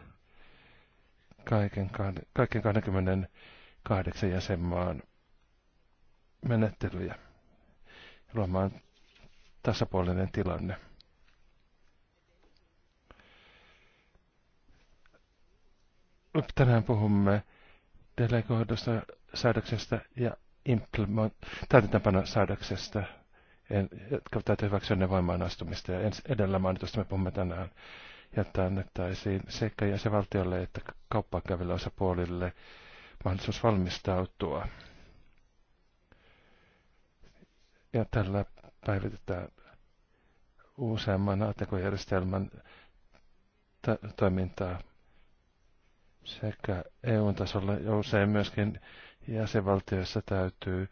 kaiken, kaiken 28 jäsenmaan menettelyjä ja luomaan tasapuolinen tilanne. Tänään puhumme delegoidusta säädöksestä ja täytäntöpano säädöksestä, jotka täytyy hyväksyä ne voimaan astumista. Ja ens, edellä mainitusta me puhumme tänään, että annettaisiin sekä jäsenvaltiolle että kauppaa käville osapuolille mahdollisuus valmistautua. Ja tällä päivitetään useamman ATK-järjestelmän toimintaa sekä EU-tasolla ja usein myöskin jäsenvaltioissa täytyy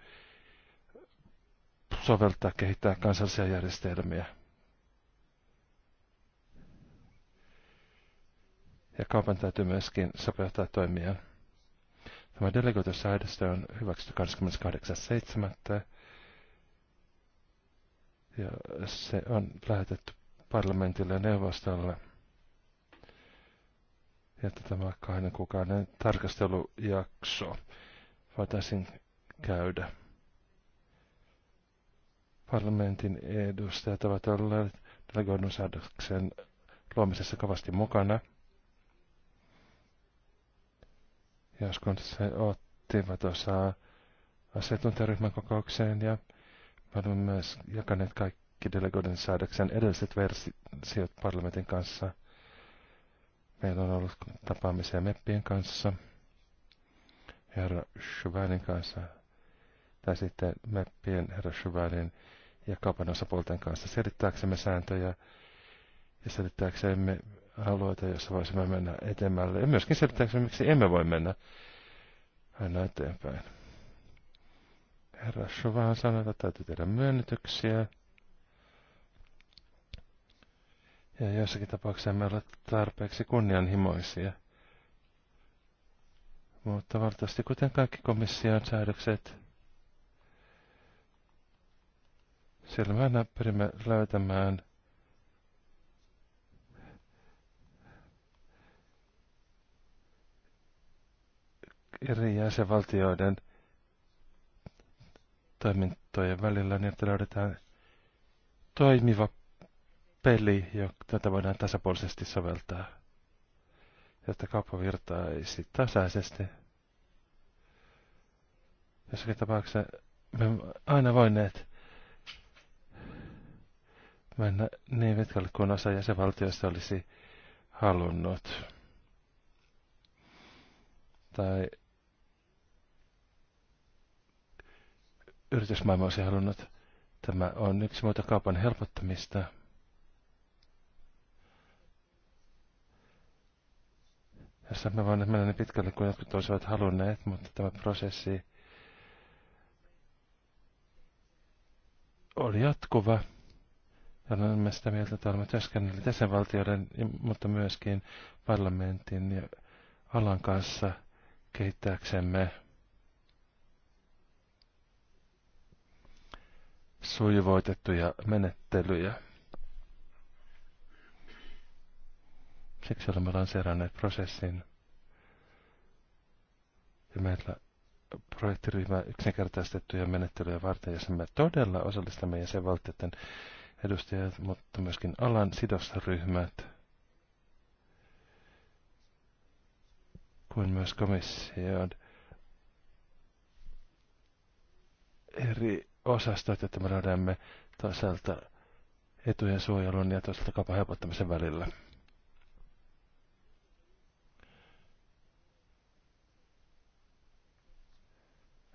soveltaa, kehittää kansallisia järjestelmiä. Ja kaupan täytyy myöskin sopeuttaa toimia. Tämä delegoitussäädöstö on hyväksytty 28.7. Ja se on lähetetty parlamentille ja neuvostolle. Ja tämä kahden kuukauden tarkastelujakso voitaisiin käydä. Parlamentin edustajat ovat olleet delegoidun säädöksen luomisessa kovasti mukana. Joskus he ottivat osaa asiantuntijaryhmän kokoukseen ja me olemme myös jakaneet kaikki delegoidun säädöksen edelliset versiot parlamentin kanssa. Meillä on ollut tapaamisia meppien kanssa herra Shuvalin kanssa tai sitten meppien herra Shuvalin ja kapan osapuolten kanssa selittääksemme sääntöjä ja selittääksemme alueita, joissa voisimme mennä etemmälle ja myöskin selittääksemme, miksi emme voi mennä aina eteenpäin. Herra Shuvahan sanoi, että täytyy tehdä myönnytyksiä. Ja jossakin tapauksessa me olla tarpeeksi kunnianhimoisia – mutta valtavasti kuten kaikki komission säädökset, siellä me aina pyrimme löytämään eri jäsenvaltioiden toimintojen välillä, niin että löydetään toimiva peli, jota voidaan tasapuolisesti soveltaa jotta kauppa virtaisi tasaisesti. Jossakin tapauksessa me aina voineet mennä niin pitkälle kuin osa jäsenvaltioista olisi halunnut. Tai yritysmaailma olisi halunnut. Tämä on yksi muuta kaupan helpottamista. jossa me voimme mennä niin pitkälle kuin jotkut olisivat halunneet, mutta tämä prosessi oli jatkuva. Ja olemme sitä mieltä, että olemme työskennelleet jäsenvaltioiden, mutta myöskin parlamentin ja alan kanssa kehittääksemme sujuvoitettuja menettelyjä. Siksi olemme lanseeranneet prosessin. Ja meillä projektiryhmä yksinkertaistettuja menettelyjä varten, jossa me todella osallistamme jäsenvaltioiden edustajat, mutta myöskin alan sidosryhmät, kuin myös komission eri osastot, että me löydämme toisaalta etujen suojelun ja toisaalta kaupan helpottamisen välillä.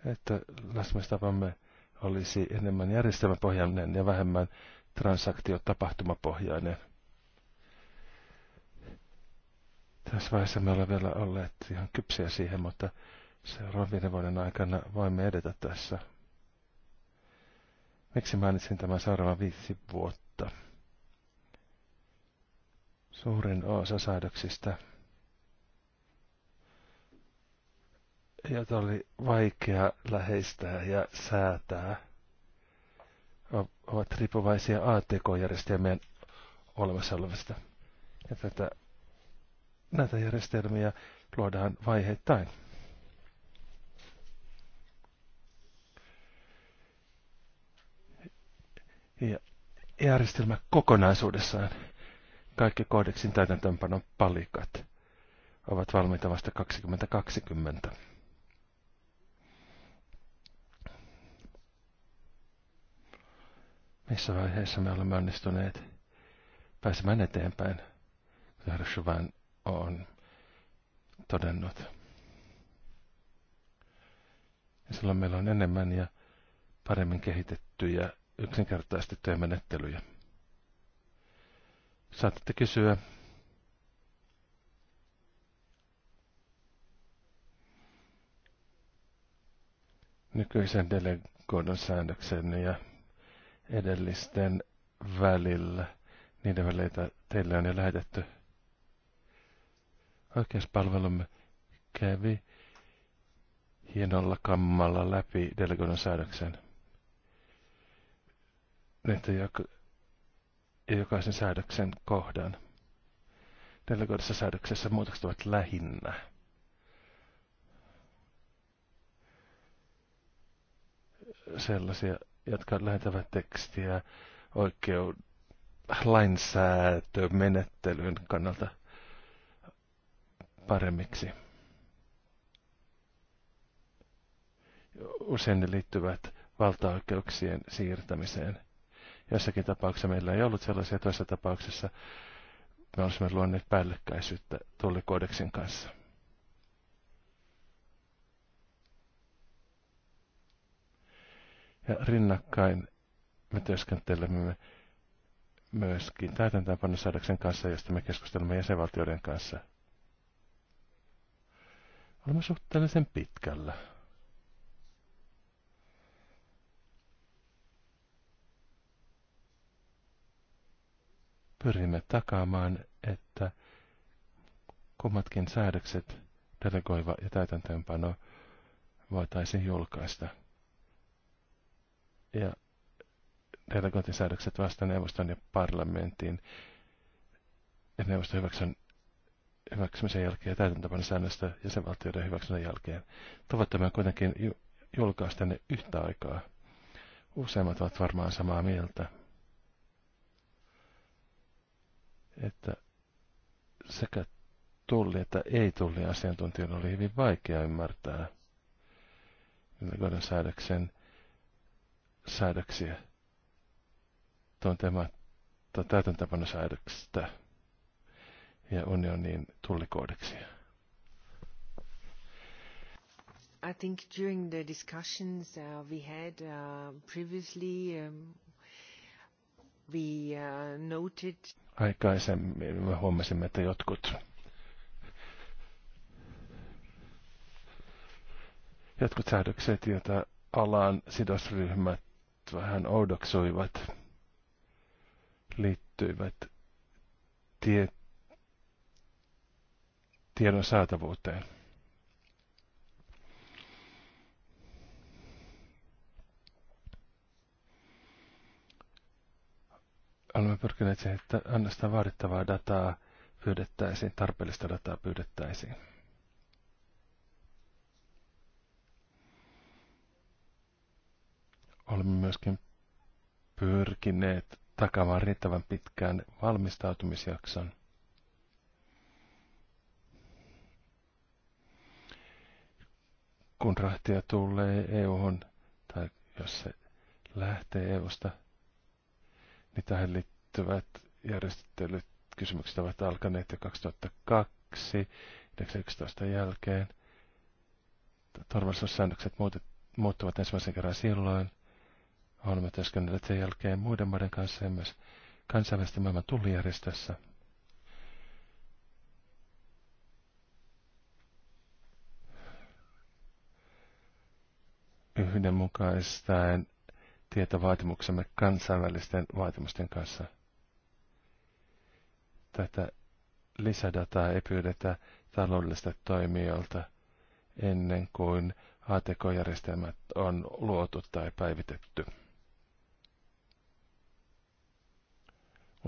että lähestymistapamme olisi enemmän järjestelmäpohjainen ja vähemmän transaktiotapahtumapohjainen. Tässä vaiheessa me olemme vielä olleet ihan kypsiä siihen, mutta seuraavan viiden vuoden aikana voimme edetä tässä. Miksi mainitsin tämän seuraavan viisi vuotta? Suurin osa säädöksistä – jota oli vaikea läheistää ja säätää, ovat riippuvaisia ATK-järjestelmien olemassa olevasta. Ja tätä, näitä järjestelmiä luodaan vaiheittain. Ja järjestelmä kokonaisuudessaan, kaikki koodeksin täytäntöönpanon palikat, ovat valmiita vasta 2020. missä vaiheessa me olemme onnistuneet pääsemään eteenpäin, kuten Hirschvan on todennut. Ja silloin meillä on enemmän ja paremmin kehitettyjä yksinkertaistettuja menettelyjä. Saatatte kysyä, nykyisen delegoidun säännöksen ja edellisten välillä, niiden väleitä teille on jo lähetetty. Oikeuspalvelumme kävi hienolla kammalla läpi delegoidun säädöksen. Nyt ja jokaisen säädöksen kohdan. Delegoidussa säädöksessä muutokset ovat lähinnä. Sellaisia jotka lähetävät tekstiä oikeuden lainsäätömenettelyn kannalta paremmiksi. Usein ne liittyvät valtaoikeuksien siirtämiseen. Jossakin tapauksessa meillä ei ollut sellaisia, toisessa tapauksessa me olisimme luonneet päällekkäisyyttä tullikoodeksin kanssa. ja rinnakkain me työskentelemme myöskin täytäntöönpanosäädöksen kanssa, josta me keskustelemme jäsenvaltioiden kanssa. Olemme suhteellisen pitkällä. Pyrimme takaamaan, että kummatkin säädökset, delegoiva ja täytäntöönpano, voitaisiin julkaista ja delegointisäädökset vasta neuvoston ja parlamentin ja neuvoston hyväksyn, hyväksymisen jälkeen ja täytäntöpäin säännöstä jäsenvaltioiden hyväksymisen jälkeen. Tavoittamme on kuitenkin ju, julkaista ne yhtä aikaa. Useimmat ovat varmaan samaa mieltä, että sekä tulli että ei-tulli asiantuntijoilla oli hyvin vaikea ymmärtää delegoidun säädöksen säädöksiä tuntematta säädöksistä ja unionin tullikoodeksia. I think during the discussions uh, we had uh, previously, um, we uh, noted... Aikaisemmin me huomasimme, että jotkut, jotkut säädökset, joita alan sidosryhmät vähän oudoksoivat, liittyivät tie, tiedon saatavuuteen. Olemme pyrkineet siihen, että annostaan vaadittavaa dataa pyydettäisiin, tarpeellista dataa pyydettäisiin. olemme myöskin pyrkineet takamaan riittävän pitkään valmistautumisjakson. Kun rahtia tulee EUhun, tai jos se lähtee EUsta, niin tähän liittyvät järjestelyt kysymykset ovat alkaneet jo 2002, 2011 jälkeen. Turvallisuussäännökset muuttuvat ensimmäisen kerran silloin. Olemme työskennelleet sen jälkeen muiden maiden kanssa ja myös kansainvälisten maailman tullijärjestössä. Yhdenmukaistaen tietovaatimuksemme kansainvälisten vaatimusten kanssa. Tätä lisädataa ei pyydetä taloudellista toimijoilta ennen kuin ATK-järjestelmät on luotu tai päivitetty.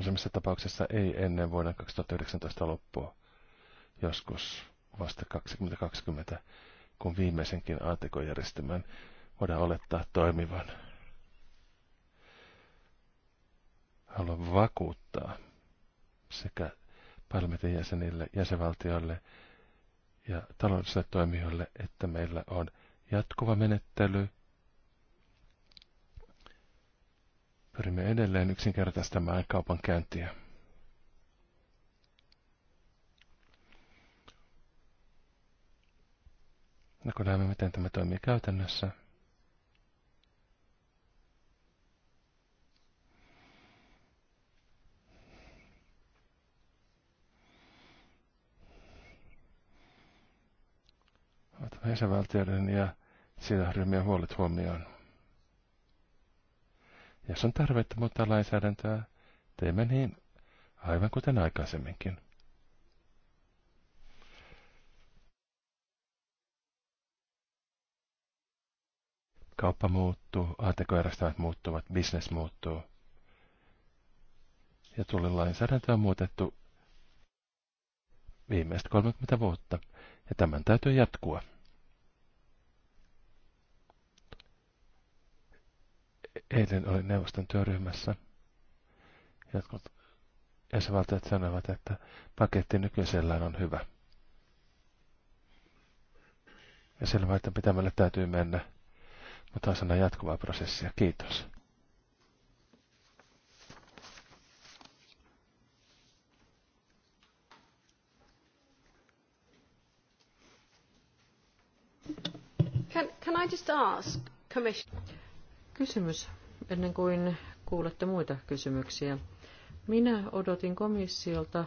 Useimmissa tapauksissa ei ennen vuoden 2019 loppua, joskus vasta 2020, kun viimeisenkin ATK-järjestelmän voidaan olettaa toimivan. Haluan vakuuttaa sekä parlamentin jäsenille, jäsenvaltioille ja taloudellisille toimijoille, että meillä on jatkuva menettely – Pyrimme edelleen yksinkertaistamaan käyntiä. Ja kun näemme, miten tämä toimii käytännössä, otamme isävaltioiden ja sidosryhmien huolet huomioon. Jos on tarvetta muuttaa lainsäädäntöä, teemme niin aivan kuten aikaisemminkin. Kauppa muuttuu, aatekoerastavat muuttuvat, bisnes muuttuu. Ja lainsäädäntö on muutettu viimeiset 30 vuotta, ja tämän täytyy jatkua. Eilen oli neuvoston työryhmässä. Jotkut jäsenvaltiot sanovat, että paketti nykyisellään on hyvä. Ja selvä, että pitämällä täytyy mennä, mutta sana jatkuvaa prosessia. Kiitos. Can, can I just ask, Kysymys ennen kuin kuulette muita kysymyksiä. Minä odotin komissiolta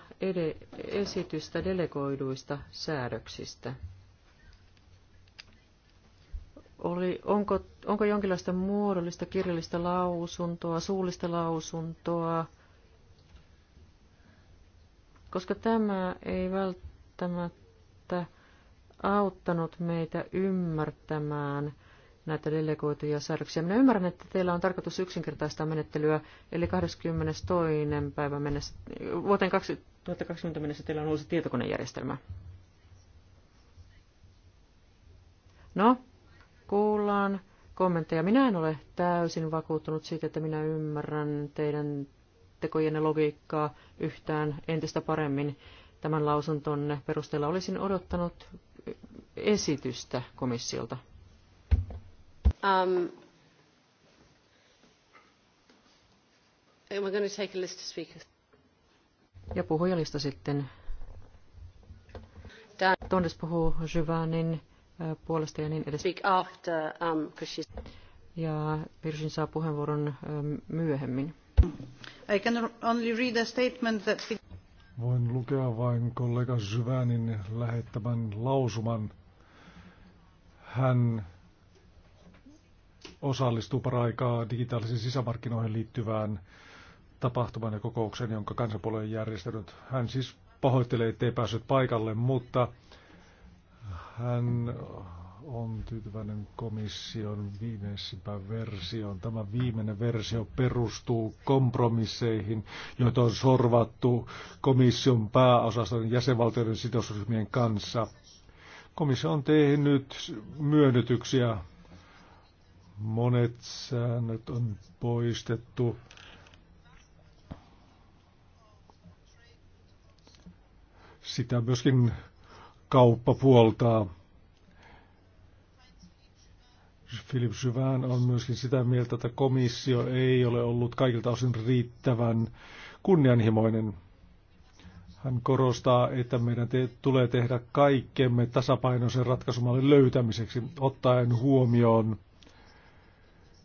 esitystä delegoiduista säädöksistä. Oli, onko, onko jonkinlaista muodollista kirjallista lausuntoa, suullista lausuntoa? Koska tämä ei välttämättä auttanut meitä ymmärtämään – näitä delegoituja säädöksiä. Minä ymmärrän, että teillä on tarkoitus yksinkertaistaa menettelyä, eli 22. päivä mennessä, vuoteen 2020 mennessä teillä on uusi tietokonejärjestelmä. No, kuullaan kommentteja. Minä en ole täysin vakuuttunut siitä, että minä ymmärrän teidän tekojenne logiikkaa yhtään entistä paremmin. Tämän lausuntonne perusteella olisin odottanut esitystä komissiolta. Um, and we're going to take a list of speakers. Ja puhujalista sitten. Dan. Tondes puhuu Jyvänin äh, puolesta ja niin edes. Speak after, um, she's... Ja Virsin saa puheenvuoron ähm, myöhemmin. I can only read a statement that... Voin lukea vain kollega Jyvänin lähettämän lausuman. Hän osallistuu paraikaa digitaalisiin sisämarkkinoihin liittyvään tapahtuman ja kokoukseen, jonka kansanpuolue on järjestänyt. Hän siis pahoittelee, ettei päässyt paikalle, mutta hän on tyytyväinen komission viimeisimpään versioon. Tämä viimeinen versio perustuu kompromisseihin, joita on sorvattu komission pääosaston jäsenvaltioiden sidosryhmien kanssa. Komissio on tehnyt myönnytyksiä Monet säännöt on poistettu. Sitä myöskin kauppa puoltaa. Philip Syvään on myöskin sitä mieltä, että komissio ei ole ollut kaikilta osin riittävän kunnianhimoinen. Hän korostaa, että meidän te- tulee tehdä kaikkemme tasapainoisen ratkaisumallin löytämiseksi, ottaen huomioon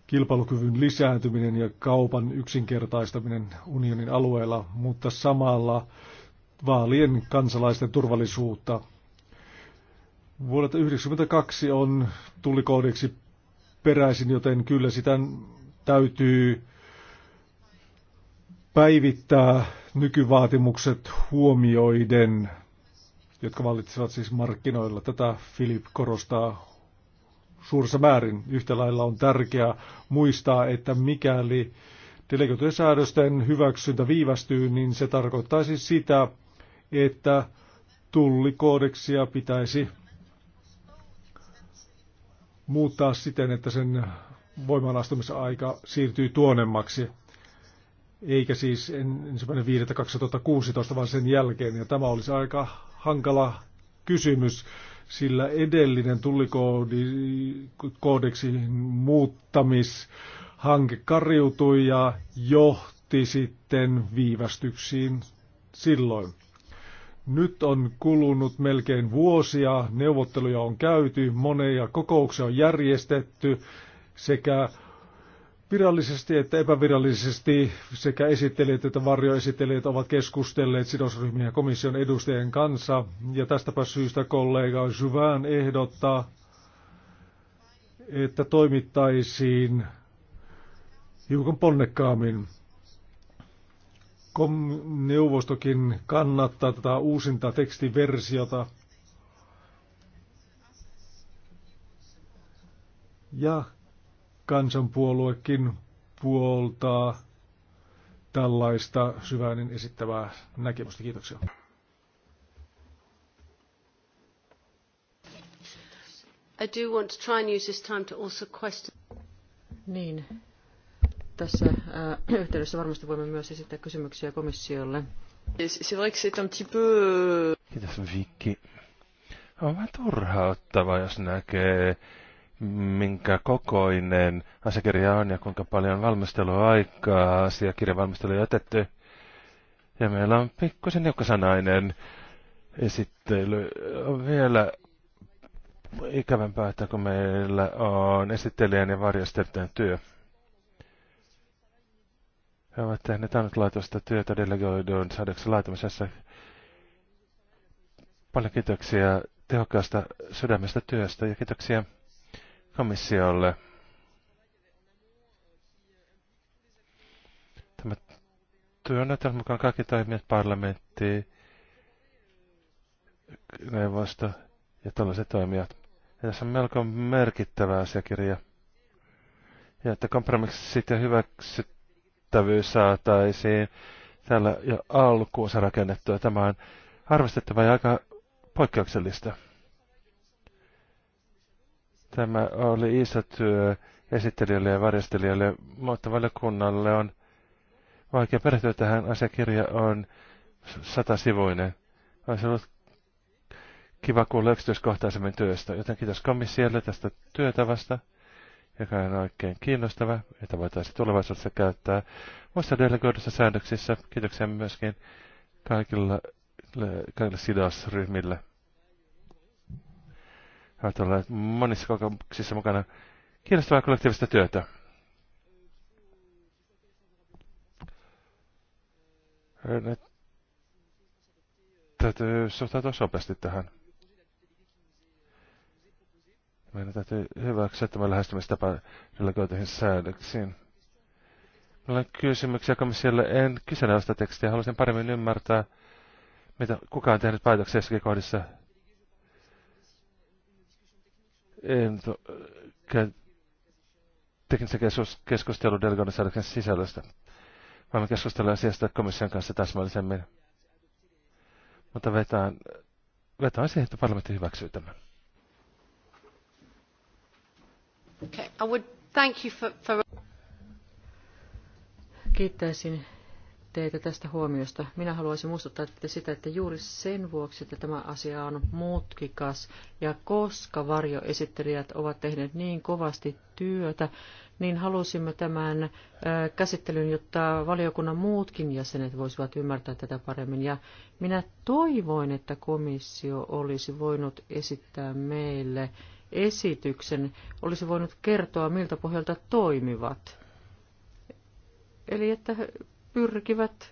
kilpailukyvyn lisääntyminen ja kaupan yksinkertaistaminen unionin alueella, mutta samalla vaalien kansalaisten turvallisuutta. Vuodelta 1992 on tullikoodeksi peräisin, joten kyllä sitä täytyy päivittää nykyvaatimukset huomioiden, jotka vallitsevat siis markkinoilla. Tätä Filip korostaa suuressa määrin. Yhtä lailla on tärkeää muistaa, että mikäli delegoitujen hyväksyntä viivästyy, niin se tarkoittaisi sitä, että tullikoodeksia pitäisi muuttaa siten, että sen voimaanastumisaika siirtyy tuonemmaksi, eikä siis ensimmäinen 5.2016, vaan sen jälkeen. Ja tämä olisi aika hankala kysymys sillä edellinen tullikoodeksi muuttamishanke kariutui ja johti sitten viivästyksiin silloin. Nyt on kulunut melkein vuosia, neuvotteluja on käyty, monia kokouksia on järjestetty sekä virallisesti että epävirallisesti sekä esittelijät että varjoesittelijät ovat keskustelleet sidosryhmien ja komission edustajien kanssa. Ja tästäpä syystä kollega Juvain ehdottaa, että toimittaisiin hiukan ponnekkaammin. Kom neuvostokin kannattaa tätä uusinta tekstiversiota. Ja kansanpuoluekin puoltaa tällaista syväinen niin esittävää näkemystä. Kiitoksia. I do want to try and use this time to also question. Niin, tässä äh, yhteydessä varmasti voimme myös esittää kysymyksiä komissiolle. Se euh, Kiitos Vicky. On vähän turhauttava, jos näkee minkä kokoinen asiakirja on ja kuinka paljon valmisteluaikaa asiakirjan valmistelu on jätetty. Ja meillä on pikkusen niukkasanainen esittely. On vielä ikävämpää, että kun meillä on esittelijän ja varjostettujen työ. He ovat tehneet ainutlaatuista työtä delegoidun sadeksi laitamisessa. Paljon kiitoksia tehokkaasta sydämestä työstä ja kiitoksia komissiolle. Tämä työnnetelmä, mukaan kaikki toimijat parlamentti, neuvosto ja tällaiset toimijat. Ja tässä on melko merkittävä asiakirja. Ja että kompromissi sitten hyväksyttävyys saataisiin täällä jo alkuunsa rakennettua. Tämä on arvostettava ja aika poikkeuksellista. Tämä oli iso työ esittelijälle ja varjostelijoille, mutta valiokunnalle on vaikea perehtyä tähän. Asiakirja on satasivuinen. Olisi ollut kiva kuulla yksityiskohtaisemmin työstä, joten kiitos komissiolle tästä työtavasta, joka on oikein kiinnostava, että voitaisiin tulevaisuudessa käyttää muissa delegoidussa säännöksissä. Kiitoksia myöskin kaikilla, kaikille sidosryhmille. He ovat olleet monissa kokouksissa mukana. Kiinnostavaa kollektiivista työtä. Nyt täytyy suhtautua sopeasti tähän. Meidän täytyy hyväksyä tämä lähestymistapa delegoituihin säädöksiin. Meillä on kysymyksiä komissiolle. En kyseenalaista tekstiä. Haluaisin paremmin ymmärtää, mitä kuka on tehnyt päätöksiä jossakin kohdissa en kä, teknisen keskus, keskustelun delegaatioiden sisällöstä. Voimme keskustella asiasta komission kanssa täsmällisemmin. Mutta vetään, vetään siihen, että parlamentti hyväksyy tämän. Okay, I would thank you for, for... Kiittäisin teitä tästä huomiosta. Minä haluaisin muistuttaa että sitä, että juuri sen vuoksi, että tämä asia on mutkikas ja koska varjoesittelijät ovat tehneet niin kovasti työtä, niin halusimme tämän käsittelyn, jotta valiokunnan muutkin jäsenet voisivat ymmärtää tätä paremmin. Ja minä toivoin, että komissio olisi voinut esittää meille esityksen, olisi voinut kertoa, miltä pohjalta toimivat. Eli että pyrkivät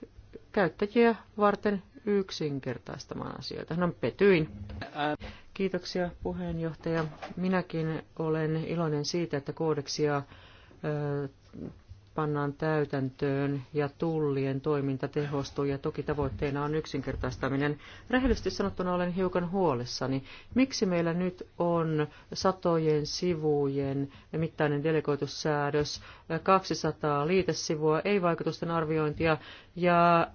käyttäjiä varten yksinkertaistamaan asioita. No, petyin. Kiitoksia puheenjohtaja. Minäkin olen iloinen siitä, että koodeksia pannaan täytäntöön ja tullien toiminta tehostuu ja toki tavoitteena on yksinkertaistaminen. Rehellisesti sanottuna olen hiukan huolissani. Miksi meillä nyt on satojen sivujen mittainen delegoitussäädös, 200 liitesivua, ei vaikutusten arviointia ja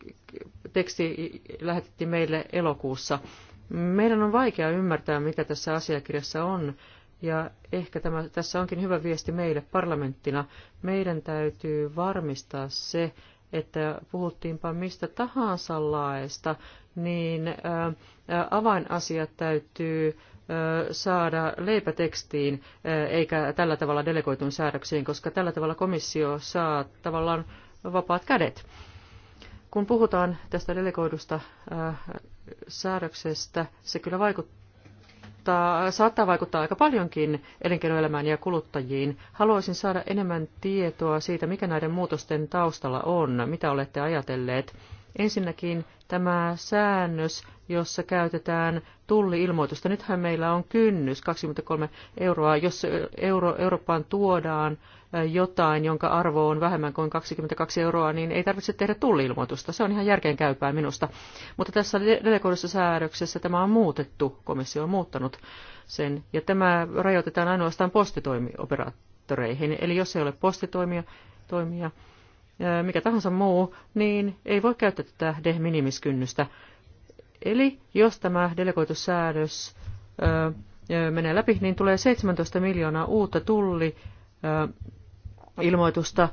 teksti lähetettiin meille elokuussa. Meidän on vaikea ymmärtää, mitä tässä asiakirjassa on ja ehkä tämä, tässä onkin hyvä viesti meille parlamenttina. Meidän täytyy varmistaa se, että puhuttiinpa mistä tahansa laista, niin avainasiat täytyy saada leipätekstiin, eikä tällä tavalla delegoitun säädöksiin, koska tällä tavalla komissio saa tavallaan vapaat kädet. Kun puhutaan tästä delegoidusta säädöksestä, se kyllä vaikuttaa mutta saattaa vaikuttaa aika paljonkin elinkeinoelämään ja kuluttajiin. Haluaisin saada enemmän tietoa siitä, mikä näiden muutosten taustalla on, mitä olette ajatelleet. Ensinnäkin tämä säännös jossa käytetään tulli-ilmoitusta. Nythän meillä on kynnys 23 euroa, jos euro, Eurooppaan tuodaan jotain, jonka arvo on vähemmän kuin 22 euroa, niin ei tarvitse tehdä tulliilmoitusta. Se on ihan järkeenkäypää minusta. Mutta tässä delegoidussa säädöksessä tämä on muutettu, komissio on muuttanut sen, ja tämä rajoitetaan ainoastaan postitoimioperaattoreihin. Eli jos ei ole postitoimia, toimia, mikä tahansa muu, niin ei voi käyttää tätä de minimis kynnystä Eli jos tämä delegoitussäädös ö, menee läpi, niin tulee 17 miljoonaa uutta tulli ilmoitusta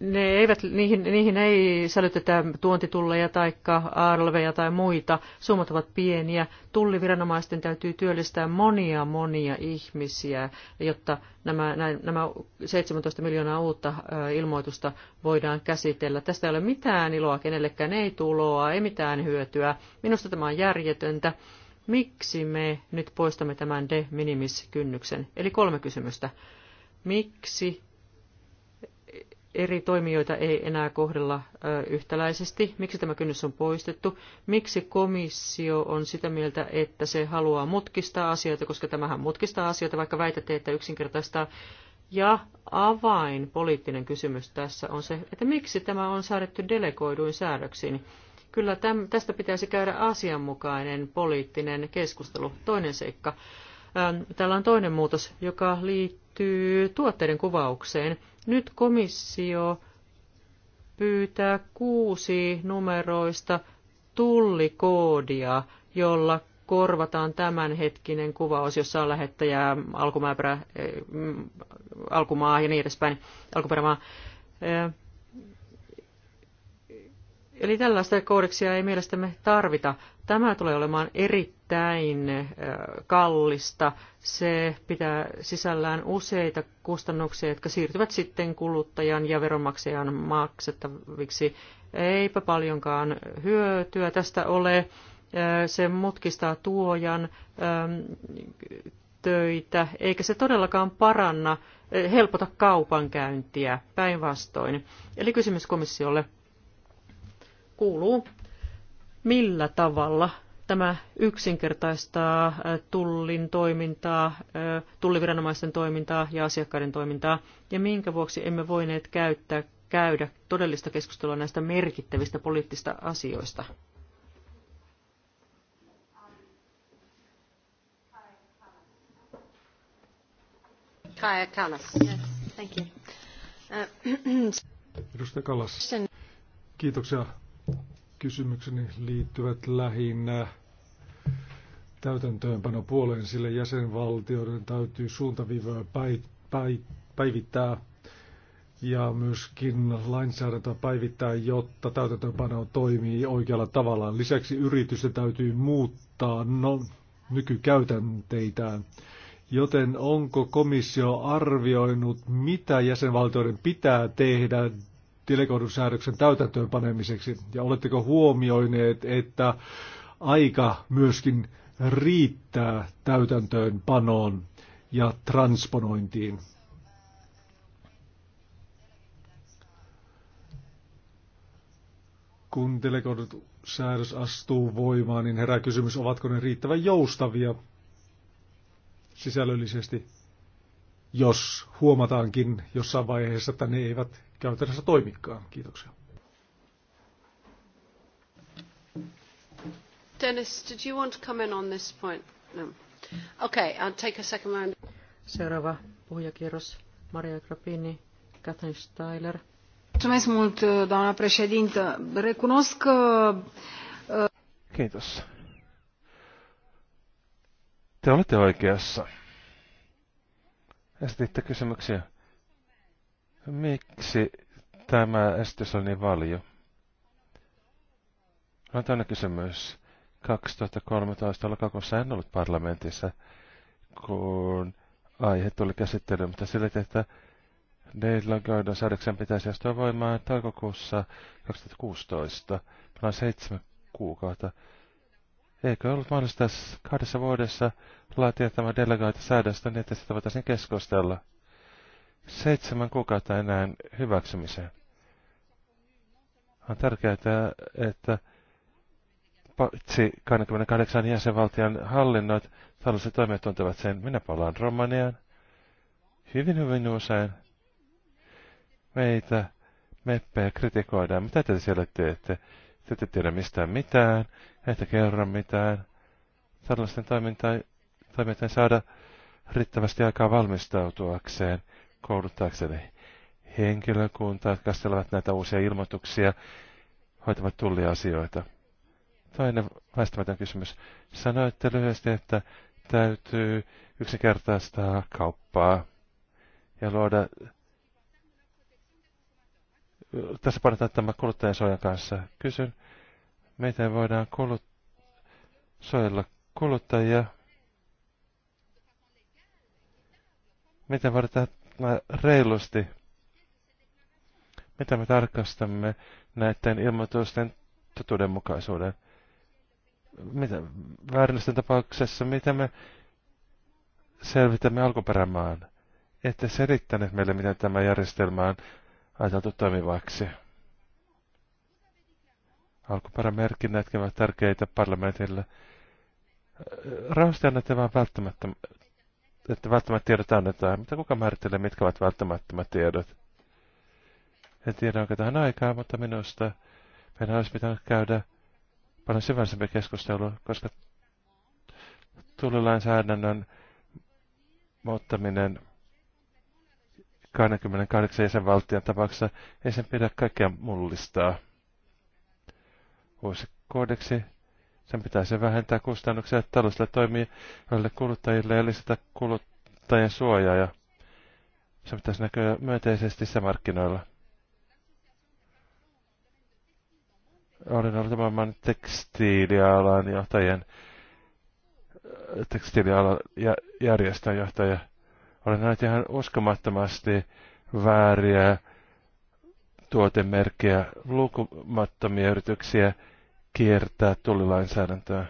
ne eivät, niihin, niihin ei sälytetä tuontitulleja tai arveja tai muita. Summat ovat pieniä. Tulliviranomaisten täytyy työllistää monia monia ihmisiä, jotta nämä, nämä 17 miljoonaa uutta ilmoitusta voidaan käsitellä. Tästä ei ole mitään iloa kenellekään, ei tuloa, ei mitään hyötyä. Minusta tämä on järjetöntä. Miksi me nyt poistamme tämän de minimis kynnyksen? Eli kolme kysymystä. Miksi eri toimijoita ei enää kohdella yhtäläisesti? Miksi tämä kynnys on poistettu? Miksi komissio on sitä mieltä, että se haluaa mutkistaa asioita, koska tämähän mutkistaa asioita, vaikka väitätte, että yksinkertaistaa? Ja avain poliittinen kysymys tässä on se, että miksi tämä on säädetty delegoiduin säädöksiin? Kyllä tästä pitäisi käydä asianmukainen poliittinen keskustelu. Toinen seikka. Täällä on toinen muutos, joka liittyy tuotteiden kuvaukseen. Nyt komissio pyytää kuusi numeroista tullikoodia, jolla korvataan tämänhetkinen kuvaus, jossa on lähettäjä, alkumaaperä, eh, mm, alkumaa ja niin edespäin, alkuperämaa. Eh, eli tällaista koodeksia ei mielestämme tarvita, Tämä tulee olemaan erittäin kallista. Se pitää sisällään useita kustannuksia, jotka siirtyvät sitten kuluttajan ja veronmaksajan maksettaviksi. Eipä paljonkaan hyötyä tästä ole. Se mutkistaa tuojan töitä, eikä se todellakaan paranna, helpota kaupankäyntiä päinvastoin. Eli kysymys komissiolle kuuluu, millä tavalla tämä yksinkertaistaa tullin toimintaa, tulliviranomaisten toimintaa ja asiakkaiden toimintaa, ja minkä vuoksi emme voineet käyttää, käydä todellista keskustelua näistä merkittävistä poliittista asioista. Kaja Kallas. Yes, thank you. Edustaja Kallas. Kiitoksia kysymykseni liittyvät lähinnä täytäntöönpanopuoleen, sillä jäsenvaltioiden täytyy suuntaviivoja päivittää ja myöskin lainsäädäntöä päivittää, jotta täytäntöönpano toimii oikealla tavalla. Lisäksi yritysten täytyy muuttaa no, nykykäytänteitään. Joten onko komissio arvioinut, mitä jäsenvaltioiden pitää tehdä delegoidun säädöksen täytäntöön panemiseksi? Ja oletteko huomioineet, että aika myöskin riittää täytäntöön panoon ja transponointiin? Kun delegoidut säädös astuu voimaan, niin herää kysymys, ovatko ne riittävän joustavia sisällöllisesti jos huomataankin jossain vaiheessa, että ne eivät käytännössä toimikaan. Kiitoksia. Dennis, did you want to come in on this point? No. Okay, I'll take a second round. Seuraava puhujakierros. Maria Grappini, Catherine Steiler. Mulțumesc mult, doamna președintă. Recunosc că... Kiitos. Te olette oikeassa. Esititte kysymyksiä. Miksi tämä esitys on niin valju? No toinen kysymys. 2013 lokakuussa en ollut parlamentissa, kun aihe tuli käsittelyyn, mutta sille että delegoidun säädöksen pitäisi astua voimaan toukokuussa 2016. Mä olen seitsemän kuukautta. Eikö ollut mahdollista kahdessa vuodessa laatia tämä delegaatio säädöstä niin, että sitä voitaisiin keskustella? Seitsemän kuukautta enää hyväksymiseen. On tärkeää, että paitsi 28 jäsenvaltion hallinnot, tällaiset toimijat tuntevat sen. Minä palaan Romaniaan hyvin hyvin usein. Meitä meppejä kritikoidaan. Mitä te siellä teette? Te ette tiedä mistään mitään että kerro mitään. Tällaisten toimintojen saada riittävästi aikaa valmistautuakseen, kouluttaakseen henkilökuntaa, jotka kastelevat näitä uusia ilmoituksia, hoitavat tulliasioita. Toinen väistämätön kysymys. Sanoitte lyhyesti, että täytyy yksinkertaistaa kauppaa ja luoda... Tässä parantaa tämä kuluttajansuojan kanssa. Kysyn, Meitä voidaan kulut, suojella kuluttajia. Miten varten reilusti? Mitä me tarkastamme näiden ilmoitusten totuudenmukaisuuden? Mitä väärinnösten tapauksessa, mitä me selvitämme alkuperämaan? Ette selittäneet meille, miten tämä järjestelmä on ajateltu toimivaksi. Alkuperämerkinnätkin ovat tärkeitä parlamentille. Rahoista annetaan vain välttämättä, että välttämättä tiedot annetaan, mutta kuka määrittelee, mitkä ovat välttämättömät tiedot? En tiedä, onko tähän aikaa, mutta minusta meidän olisi pitänyt käydä paljon syvällisempi keskustelu, koska tullilainsäädännön muuttaminen 28 jäsenvaltion tapauksessa ei sen pidä kaikkea mullistaa vuosikoodeksi. Sen pitäisi vähentää kustannuksia taloudellisille toimijoille kuluttajille ja lisätä kuluttajien suojaa. Ja se pitäisi näkyä myönteisesti markkinoilla. Olen ollut maailman tekstiilialan johtajien tekstiilialan järjestön johtaja. Olen nähnyt ihan uskomattomasti vääriä tuotemerkkejä lukumattomia yrityksiä kiertää tullilainsäädäntöä.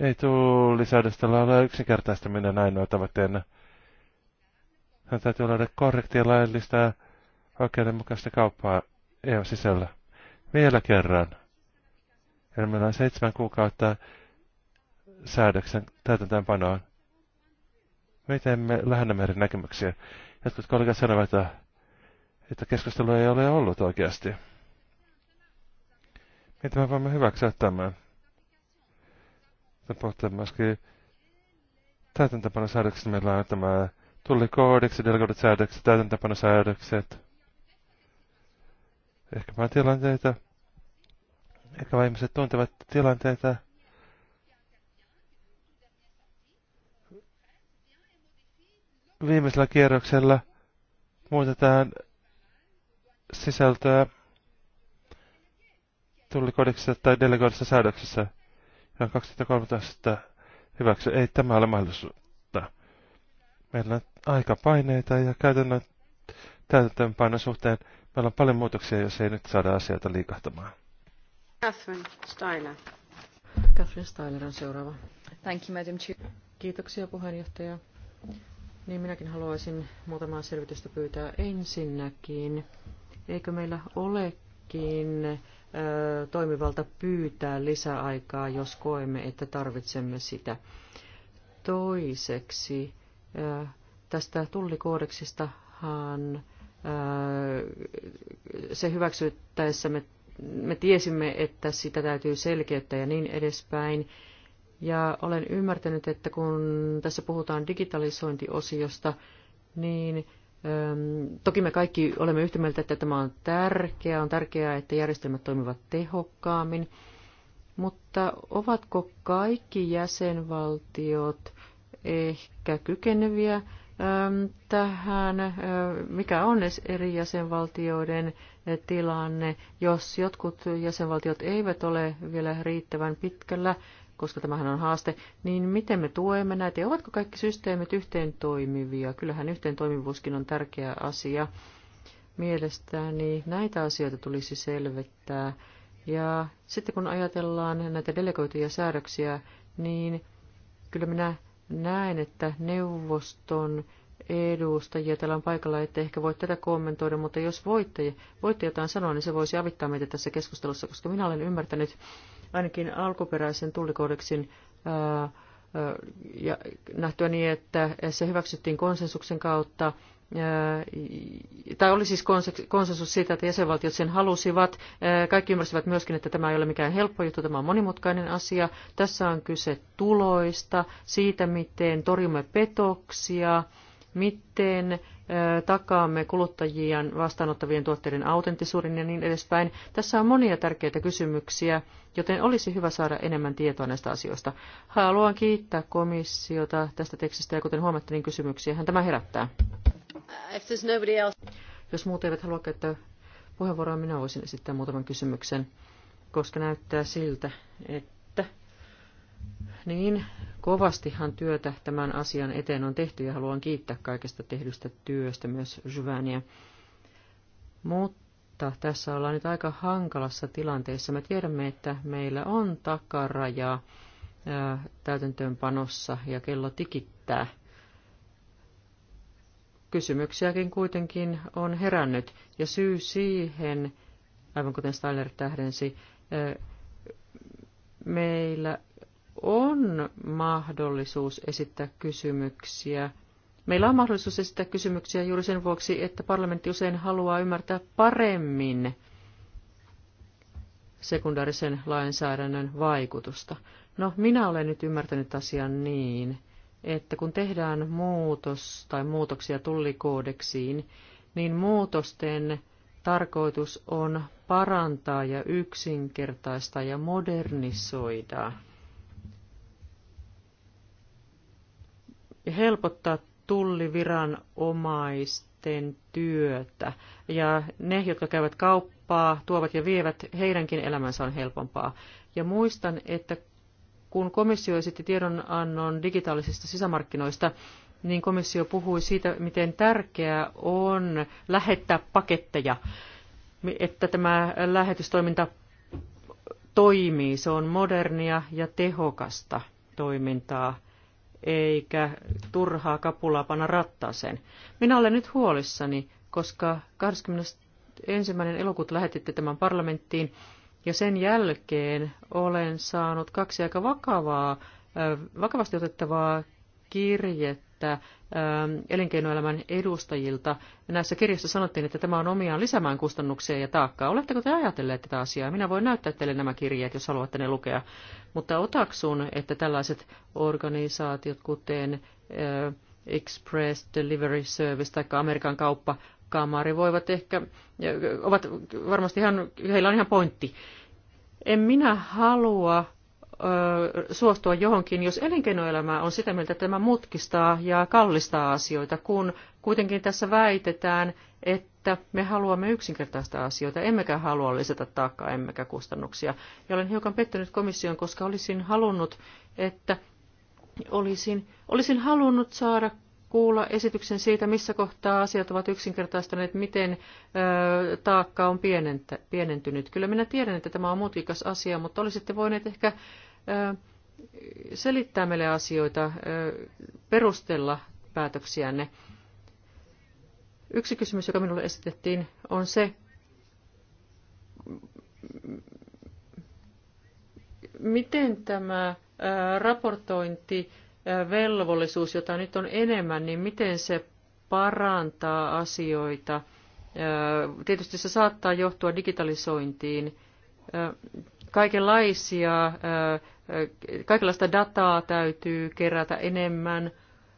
Ei tullisäädöstöllä ole yksinkertaistaminen ainoa tavoitteena. Hän täytyy olla korrektia laillista oikeudenmukaista kauppaa EU sisällä. Vielä kerran. Ja meillä on seitsemän kuukautta säädöksen täytäntöönpanoon. Miten me lähennämme eri näkemyksiä? Jotkut kollegat sanovat, että että keskustelua ei ole ollut oikeasti. Miten me voimme hyväksyä tämän? Puhutaan myöskin täytäntöpanosäädökset. Meillä on tämä tullikoodiksi, delegoidut säädökset, täytäntöpanosäädökset. vain tilanteita. Ehkä ihmiset tuntevat tilanteita. Viimeisellä kierroksella muutetaan sisältöä tullikodissa tai delegoidissa säädöksessä, ja 2013 hyväksy. Ei tämä ole mahdollisuutta. Meillä on aika paineita ja käytännön täytäntöönpainon suhteen meillä on paljon muutoksia, jos ei nyt saada asioita liikahtamaan. Catherine Steiner. Catherine Steiner on seuraava. Thank you, Madam Chair. Kiitoksia puheenjohtaja. Niin minäkin haluaisin muutamaa selvitystä pyytää ensinnäkin. Eikö meillä olekin toimivalta pyytää lisäaikaa, jos koemme, että tarvitsemme sitä? Toiseksi tästä tullikoodeksistahan se hyväksyttäessä me, me tiesimme, että sitä täytyy selkeyttää ja niin edespäin. Ja olen ymmärtänyt, että kun tässä puhutaan digitalisointiosiosta, niin Toki me kaikki olemme yhtä mieltä, että tämä on tärkeää. On tärkeää, että järjestelmät toimivat tehokkaammin. Mutta ovatko kaikki jäsenvaltiot ehkä kykeneviä tähän, mikä on eri jäsenvaltioiden tilanne, jos jotkut jäsenvaltiot eivät ole vielä riittävän pitkällä koska tämähän on haaste, niin miten me tuemme näitä ja ovatko kaikki systeemit yhteen toimivia? Kyllähän yhteen toimivuuskin on tärkeä asia. Mielestäni näitä asioita tulisi selvittää. Ja sitten kun ajatellaan näitä delegoituja säädöksiä, niin kyllä minä näen, että neuvoston edustajia täällä on paikalla, että ehkä voi tätä kommentoida, mutta jos voitte, voitte jotain sanoa, niin se voisi avittaa meitä tässä keskustelussa, koska minä olen ymmärtänyt, ainakin alkuperäisen tullikodeksin ja nähtyä niin, että se hyväksyttiin konsensuksen kautta, tai oli siis konsensus siitä, että jäsenvaltiot sen halusivat. Kaikki ymmärsivät myöskin, että tämä ei ole mikään helppo juttu, tämä on monimutkainen asia. Tässä on kyse tuloista, siitä, miten torjumme petoksia, miten takaamme kuluttajien vastaanottavien tuotteiden autenttisuuden ja niin edespäin. Tässä on monia tärkeitä kysymyksiä, joten olisi hyvä saada enemmän tietoa näistä asioista. Haluan kiittää komissiota tästä tekstistä ja kuten huomatte, niin hän tämä herättää. Uh, Jos muut eivät halua käyttää puheenvuoroa, minä voisin esittää muutaman kysymyksen, koska näyttää siltä, että niin, Kovastihan työtä tämän asian eteen on tehty ja haluan kiittää kaikesta tehdystä työstä myös Jyväniä. Mutta tässä ollaan nyt aika hankalassa tilanteessa. Me tiedämme, että meillä on takaraja äh, täytäntöönpanossa ja kello tikittää. Kysymyksiäkin kuitenkin on herännyt ja syy siihen, aivan kuten Steiner tähdensi, ää, äh, meillä on mahdollisuus esittää kysymyksiä. Meillä on mahdollisuus esittää kysymyksiä juuri sen vuoksi, että parlamentti usein haluaa ymmärtää paremmin sekundaarisen lainsäädännön vaikutusta. No, minä olen nyt ymmärtänyt asian niin, että kun tehdään muutos tai muutoksia tullikoodeksiin, niin muutosten tarkoitus on parantaa ja yksinkertaista ja modernisoida helpottaa tulliviranomaisten työtä. Ja ne, jotka käyvät kauppaa, tuovat ja vievät, heidänkin elämänsä on helpompaa. Ja muistan, että kun komissio esitti tiedonannon digitaalisista sisämarkkinoista, niin komissio puhui siitä, miten tärkeää on lähettää paketteja, että tämä lähetystoiminta toimii. Se on modernia ja tehokasta toimintaa eikä turhaa kapulaa panna rattaaseen. Minä olen nyt huolissani, koska 21. elokuuta lähetitte tämän parlamenttiin ja sen jälkeen olen saanut kaksi aika vakavaa, vakavasti otettavaa kirjettä ähm, elinkeinoelämän edustajilta. Näissä kirjassa sanottiin, että tämä on omiaan lisäämään kustannuksia ja taakkaa. Oletteko te ajatelleet tätä asiaa? Minä voin näyttää teille nämä kirjeet, jos haluatte ne lukea. Mutta otaksun, että tällaiset organisaatiot, kuten äh, Express Delivery Service tai Amerikan kauppa, kamari voivat ehkä, äh, ovat varmasti ihan, heillä on ihan pointti. En minä halua suostua johonkin, jos elinkeinoelämä on sitä mieltä, että tämä mutkistaa ja kallistaa asioita, kun kuitenkin tässä väitetään, että me haluamme yksinkertaista asioita, emmekä halua lisätä taakkaa, emmekä kustannuksia. Ja olen hiukan pettynyt komission, koska olisin halunnut, että olisin, olisin halunnut saada kuulla esityksen siitä, missä kohtaa asiat ovat yksinkertaistaneet, miten ö, taakka on pienentynyt. Kyllä minä tiedän, että tämä on mutkikas asia, mutta olisitte voineet ehkä selittää meille asioita, perustella päätöksiänne. Yksi kysymys, joka minulle esitettiin, on se, miten tämä raportointi velvollisuus, jota nyt on enemmän, niin miten se parantaa asioita? Tietysti se saattaa johtua digitalisointiin. Kaikenlaisia, kaikenlaista dataa täytyy kerätä enemmän.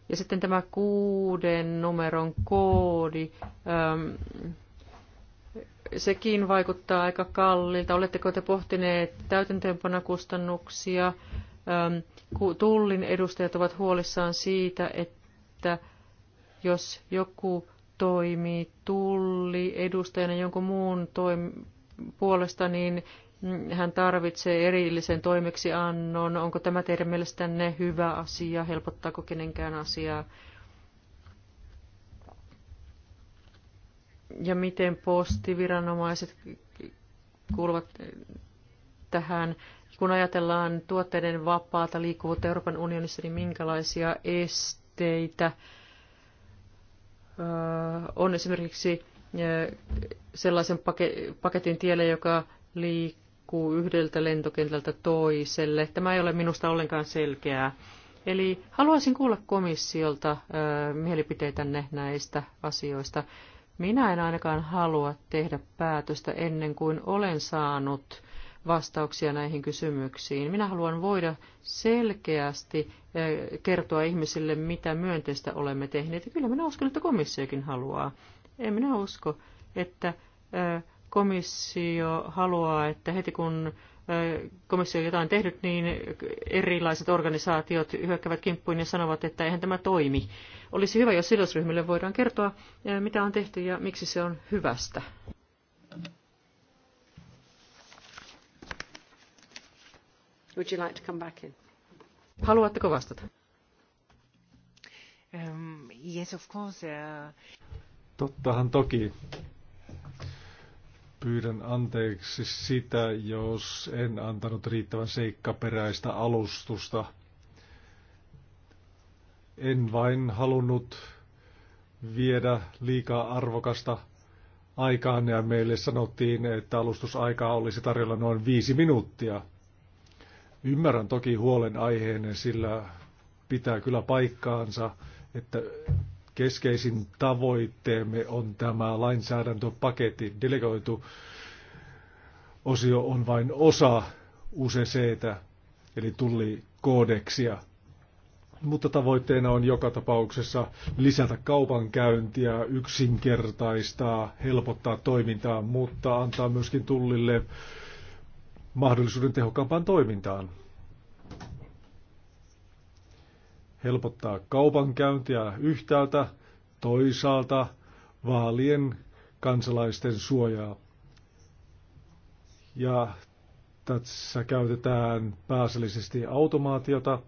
Ja sitten tämä kuuden numeron koodi, sekin vaikuttaa aika kalliilta. Oletteko te pohtineet kustannuksia? Tullin edustajat ovat huolissaan siitä, että jos joku toimii tulli edustajana jonkun muun toim- puolesta, niin hän tarvitsee erillisen toimeksiannon. Onko tämä teidän mielestänne hyvä asia? Helpottaako kenenkään asiaa? Ja miten postiviranomaiset kuuluvat tähän? Kun ajatellaan tuotteiden vapaata liikkuvuutta Euroopan unionissa, niin minkälaisia esteitä on esimerkiksi sellaisen paketin tielle, joka liik- liikkuu yhdeltä lentokentältä toiselle. Tämä ei ole minusta ollenkaan selkeää. Eli haluaisin kuulla komissiolta ö, mielipiteitänne näistä asioista. Minä en ainakaan halua tehdä päätöstä ennen kuin olen saanut vastauksia näihin kysymyksiin. Minä haluan voida selkeästi kertoa ihmisille, mitä myönteistä olemme tehneet. Ja kyllä minä uskon, että komissiokin haluaa. En minä usko, että komissio haluaa, että heti kun komissio on jotain tehnyt, niin erilaiset organisaatiot hyökkävät kimppuun ja sanovat, että eihän tämä toimi. Olisi hyvä, jos sidosryhmille voidaan kertoa, mitä on tehty ja miksi se on hyvästä. Would you like to come back in? Haluatteko vastata? Um, yes, of course. Uh... Tottahan toki. Pyydän anteeksi sitä, jos en antanut riittävän seikkaperäistä alustusta. En vain halunnut viedä liikaa arvokasta aikaan ja meille sanottiin, että alustusaikaa olisi tarjolla noin viisi minuuttia. Ymmärrän toki huolen aiheen, sillä pitää kyllä paikkaansa, että keskeisin tavoitteemme on tämä lainsäädäntöpaketti. Delegoitu osio on vain osa UCCtä, eli tuli koodeksia. Mutta tavoitteena on joka tapauksessa lisätä kaupankäyntiä, yksinkertaistaa, helpottaa toimintaa, mutta antaa myöskin tullille mahdollisuuden tehokkaampaan toimintaan. helpottaa kaupankäyntiä yhtäältä, toisaalta vaalien kansalaisten suojaa. Ja tässä käytetään pääasiallisesti automaatiota.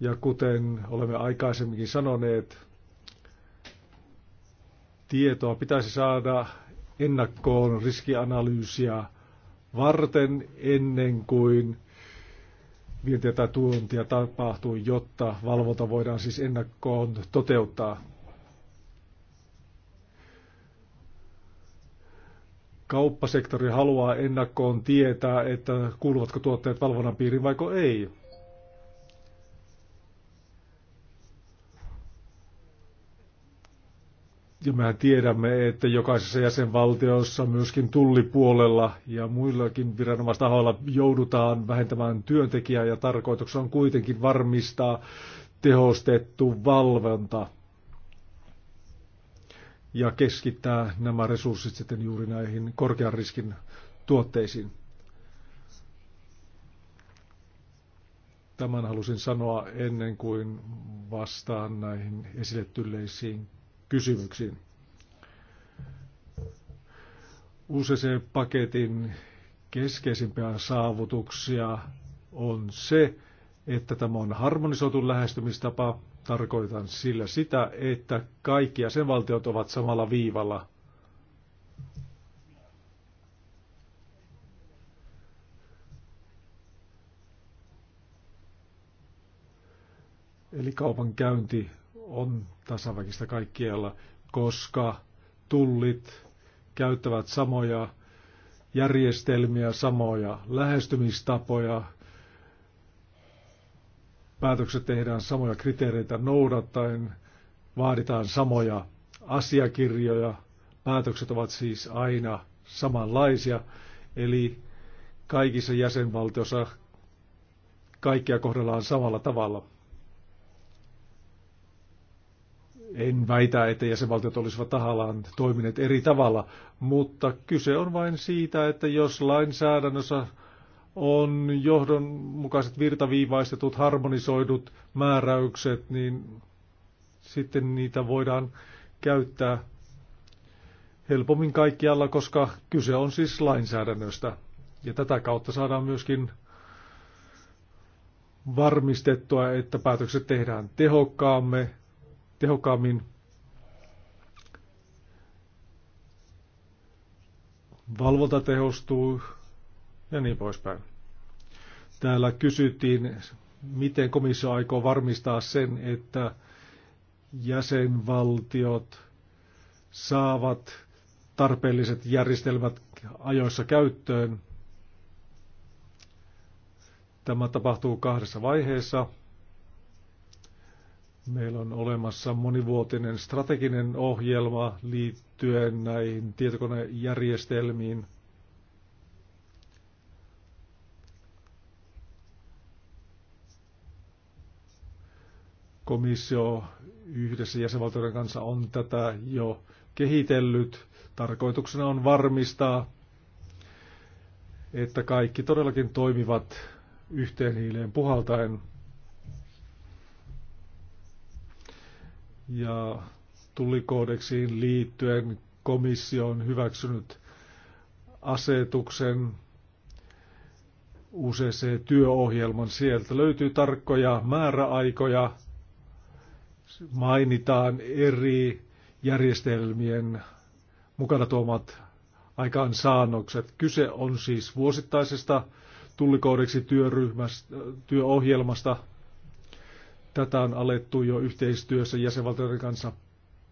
Ja kuten olemme aikaisemminkin sanoneet, tietoa pitäisi saada ennakkoon riskianalyysiä varten ennen kuin vientiä tai tuontia tapahtuu, jotta valvonta voidaan siis ennakkoon toteuttaa. Kauppasektori haluaa ennakkoon tietää, että kuuluvatko tuotteet valvonnan piiriin vaiko ei. Ja me tiedämme, että jokaisessa jäsenvaltiossa myöskin tullipuolella ja muillakin viranomaistahoilla joudutaan vähentämään työntekijää ja tarkoituksena on kuitenkin varmistaa tehostettu valvonta ja keskittää nämä resurssit sitten juuri näihin korkean riskin tuotteisiin. Tämän halusin sanoa ennen kuin vastaan näihin esille kysymyksiin. UCC-paketin keskeisimpiä saavutuksia on se, että tämä on harmonisoitu lähestymistapa. Tarkoitan sillä sitä, että kaikki jäsenvaltiot ovat samalla viivalla. Eli kaupankäynti on tasaväkistä kaikkialla, koska tullit käyttävät samoja järjestelmiä, samoja lähestymistapoja, päätökset tehdään samoja kriteereitä noudattaen, vaaditaan samoja asiakirjoja, päätökset ovat siis aina samanlaisia, eli kaikissa jäsenvaltioissa kaikkia kohdellaan samalla tavalla. En väitä, että jäsenvaltiot olisivat tahallaan toimineet eri tavalla, mutta kyse on vain siitä, että jos lainsäädännössä on johdonmukaiset virtaviivaistetut, harmonisoidut määräykset, niin sitten niitä voidaan käyttää helpommin kaikkialla, koska kyse on siis lainsäädännöstä. Ja tätä kautta saadaan myöskin varmistettua, että päätökset tehdään tehokkaamme, tehokkaammin valvonta tehostuu ja niin poispäin. Täällä kysyttiin, miten komissio aikoo varmistaa sen, että jäsenvaltiot saavat tarpeelliset järjestelmät ajoissa käyttöön. Tämä tapahtuu kahdessa vaiheessa. Meillä on olemassa monivuotinen strateginen ohjelma liittyen näihin tietokonejärjestelmiin. Komissio yhdessä jäsenvaltioiden kanssa on tätä jo kehitellyt. Tarkoituksena on varmistaa, että kaikki todellakin toimivat yhteen hiileen puhaltaen – ja tullikoodeksiin liittyen komissio on hyväksynyt asetuksen UCC-työohjelman. Sieltä löytyy tarkkoja määräaikoja, mainitaan eri järjestelmien mukana tuomat aikaansaannokset. Kyse on siis vuosittaisesta tullikoodeksi työryhmästä, työohjelmasta, Tätä on alettu jo yhteistyössä jäsenvaltioiden kanssa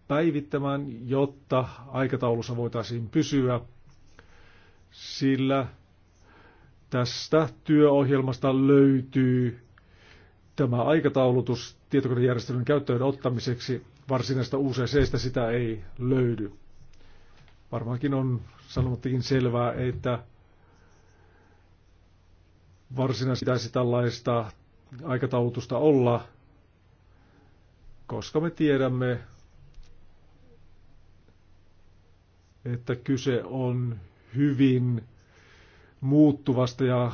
päivittämään, jotta aikataulussa voitaisiin pysyä, sillä tästä työohjelmasta löytyy tämä aikataulutus tietokonejärjestelmän käyttöön ottamiseksi. Varsinaista UCCstä sitä ei löydy. Varmaankin on sanomattakin selvää, että varsinaista pitäisi tällaista aikataulutusta olla – koska me tiedämme, että kyse on hyvin muuttuvasta ja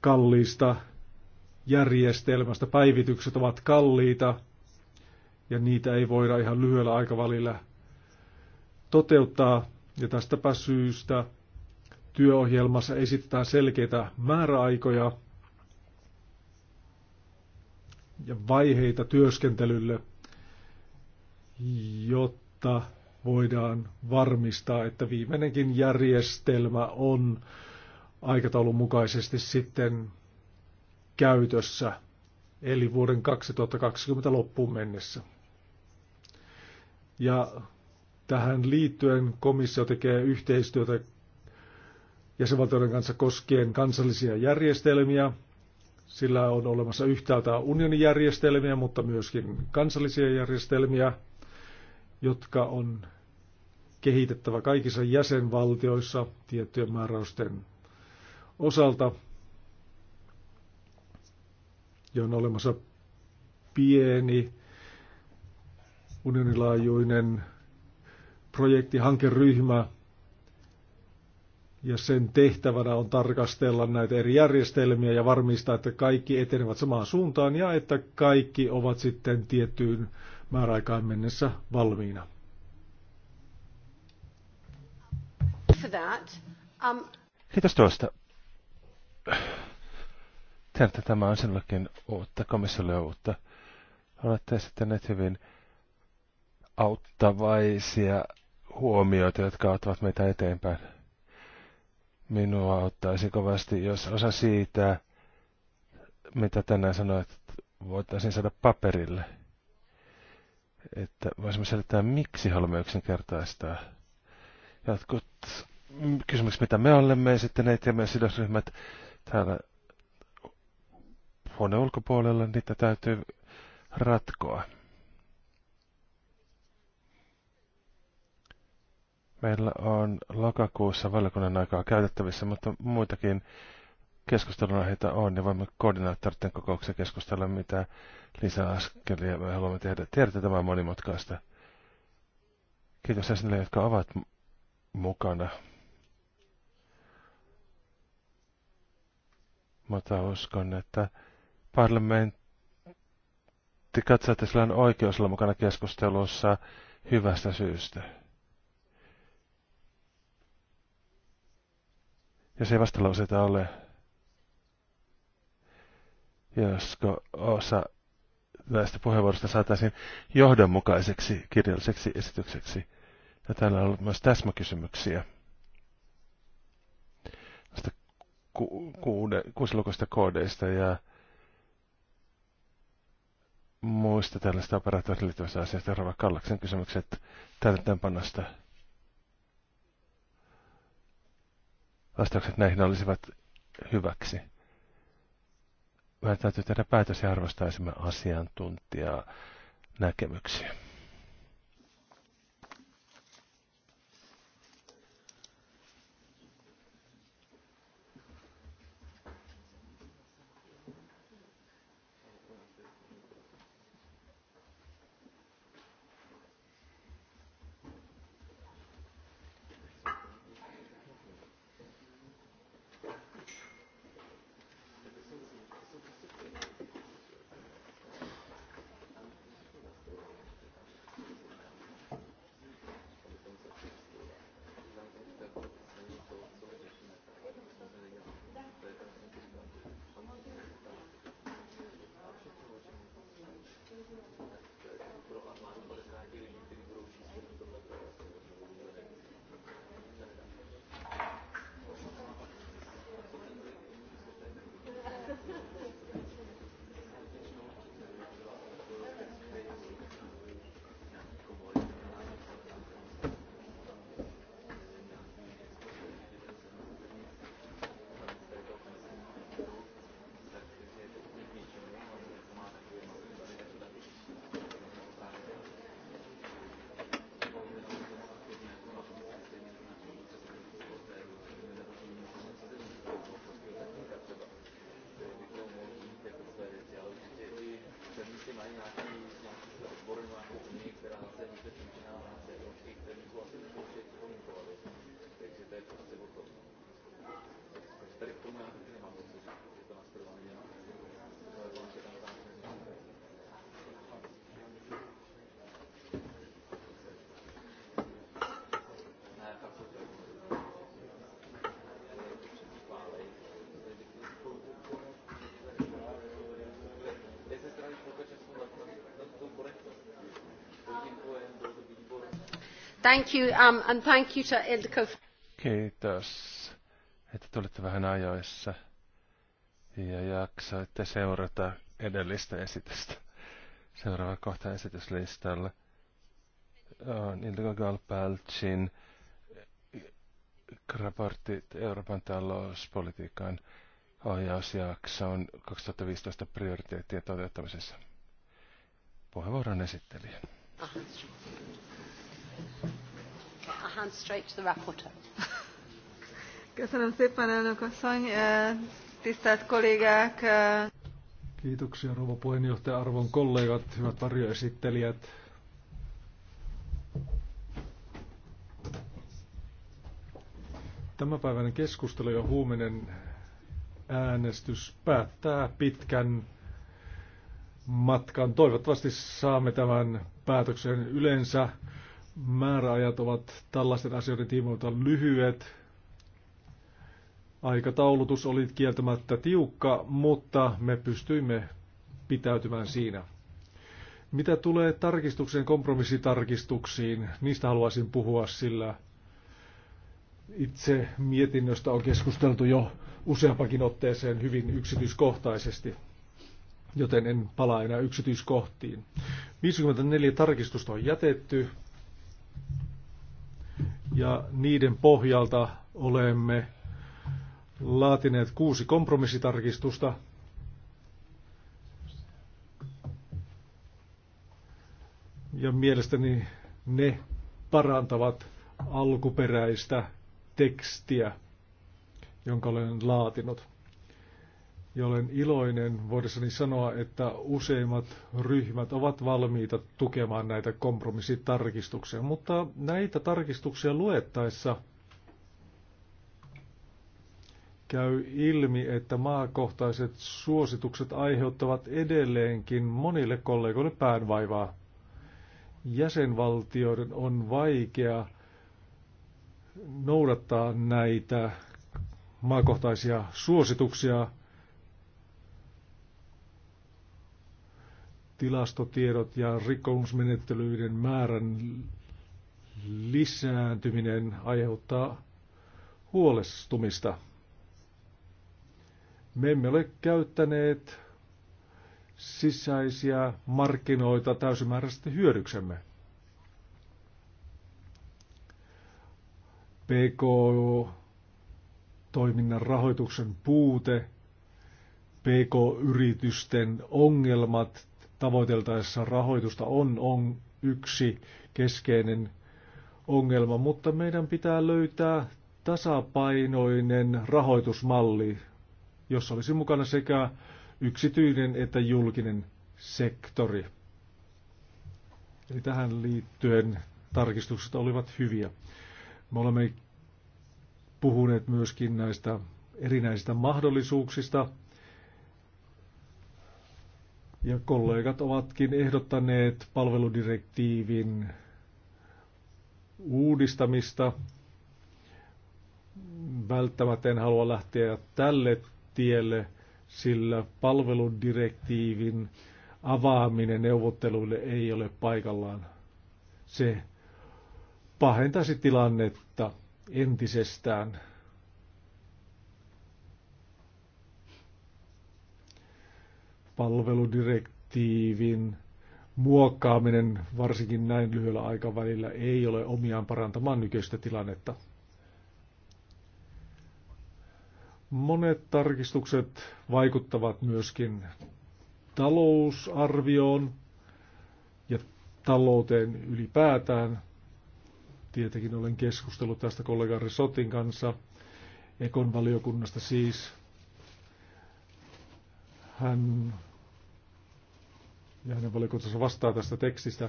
kalliista järjestelmästä. Päivitykset ovat kalliita ja niitä ei voida ihan lyhyellä aikavälillä toteuttaa. Ja tästäpä syystä työohjelmassa esitetään selkeitä määräaikoja ja vaiheita työskentelylle, jotta voidaan varmistaa, että viimeinenkin järjestelmä on aikataulun mukaisesti sitten käytössä, eli vuoden 2020 loppuun mennessä. Ja tähän liittyen komissio tekee yhteistyötä jäsenvaltioiden kanssa koskien kansallisia järjestelmiä, sillä on olemassa yhtäältä unionin järjestelmiä, mutta myöskin kansallisia järjestelmiä, jotka on kehitettävä kaikissa jäsenvaltioissa tiettyjen määräysten osalta. Ja on olemassa pieni unioninlaajuinen projekti, hankeryhmä, ja sen tehtävänä on tarkastella näitä eri järjestelmiä ja varmistaa, että kaikki etenevät samaan suuntaan ja että kaikki ovat sitten tiettyyn määräaikaan mennessä valmiina. Um, Kiitos tuosta. Tiedätte, tämä on sinullekin uutta, komissiolle uutta. Olette esittäneet hyvin auttavaisia huomioita, jotka auttavat meitä eteenpäin. Minua auttaisi kovasti, jos osa siitä, mitä tänään sanoit, voitaisiin saada paperille. Että voisimme selittää, miksi haluamme yksinkertaistaa. Jotkut kysymykset, mitä me olemme, ja sitten ja sidosryhmät täällä huoneen ulkopuolella, niitä täytyy ratkoa. Meillä on lokakuussa valiokunnan aikaa käytettävissä, mutta muitakin keskustelun aiheita on, niin voimme koordinaattoritten kokouksessa keskustella, mitä lisäaskelia me haluamme tehdä. Tiedätte tämän monimutkaista. Kiitos jäsenille, jotka ovat mukana. Mutta uskon, että parlamentti katsoo, että sillä on oikeus olla mukana keskustelussa hyvästä syystä. ja ei vastalauseita ole, josko osa tästä puheenvuorosta saataisiin johdonmukaiseksi kirjalliseksi esitykseksi. Ja täällä on ollut myös täsmäkysymyksiä Näistä ku, kuude, koodeista ja muista tällaista operaattoriliittyvästä asiasta. Rova Kallaksen kysymykset täytäntöönpanosta. panosta. vastaukset näihin olisivat hyväksi. Meidän täytyy tehdä päätös ja arvostaisimme asiantuntijaa näkemyksiä. Thank you, um, and thank you to Ildiko. Kiitos, että tulitte vähän ajoissa ja jaksoitte seurata edellistä esitystä. Seuraava kohta esityslistalla on Ildiko Galpalcin raportti Euroopan talouspolitiikan ohjausjakso on 2015 prioriteettien toteuttamisessa. Puheenvuoron esittelijä. Aha hand straight to the rapporteur. Köszönöm szépen, elnök asszony, eh, tisztelt kollégák! Eh. Kiitoksia, rouva puheenjohtaja, arvon kollegat, hyvät varjoesittelijät. Tämänpäiväinen keskustelu ja huuminen äänestys päättää pitkän matkan. Toivottavasti saamme tämän päätöksen yleensä määräajat ovat tällaisten asioiden tiimoilta lyhyet. Aikataulutus oli kieltämättä tiukka, mutta me pystyimme pitäytymään siinä. Mitä tulee tarkistuksen kompromissitarkistuksiin, niistä haluaisin puhua, sillä itse mietinnöstä on keskusteltu jo useampakin otteeseen hyvin yksityiskohtaisesti, joten en palaa enää yksityiskohtiin. 54 tarkistusta on jätetty, ja niiden pohjalta olemme laatineet kuusi kompromissitarkistusta. Ja mielestäni ne parantavat alkuperäistä tekstiä, jonka olen laatinut. Ja olen iloinen voidessani sanoa, että useimmat ryhmät ovat valmiita tukemaan näitä kompromissitarkistuksia, mutta näitä tarkistuksia luettaessa käy ilmi, että maakohtaiset suositukset aiheuttavat edelleenkin monille kollegoille päänvaivaa. Jäsenvaltioiden on vaikea noudattaa näitä maakohtaisia suosituksia, tilastotiedot ja rikkomusmenettelyiden määrän lisääntyminen aiheuttaa huolestumista. Me emme ole käyttäneet sisäisiä markkinoita täysimääräisesti hyödyksemme. PK-toiminnan rahoituksen puute, PK-yritysten ongelmat tavoiteltaessa rahoitusta on, on yksi keskeinen ongelma, mutta meidän pitää löytää tasapainoinen rahoitusmalli, jossa olisi mukana sekä yksityinen että julkinen sektori. Eli tähän liittyen tarkistukset olivat hyviä. Me olemme puhuneet myöskin näistä erinäisistä mahdollisuuksista, ja kollegat ovatkin ehdottaneet palveludirektiivin uudistamista. Välttämättä en halua lähteä tälle tielle, sillä palveludirektiivin avaaminen neuvotteluille ei ole paikallaan. Se pahentaisi tilannetta entisestään. palveludirektiivin muokkaaminen varsinkin näin lyhyellä aikavälillä ei ole omiaan parantamaan nykyistä tilannetta. Monet tarkistukset vaikuttavat myöskin talousarvioon ja talouteen ylipäätään. Tietenkin olen keskustellut tästä kollega Resotin kanssa Ekon valiokunnasta siis. Hän ja hänen valiokuntansa vastaa tästä tekstistä.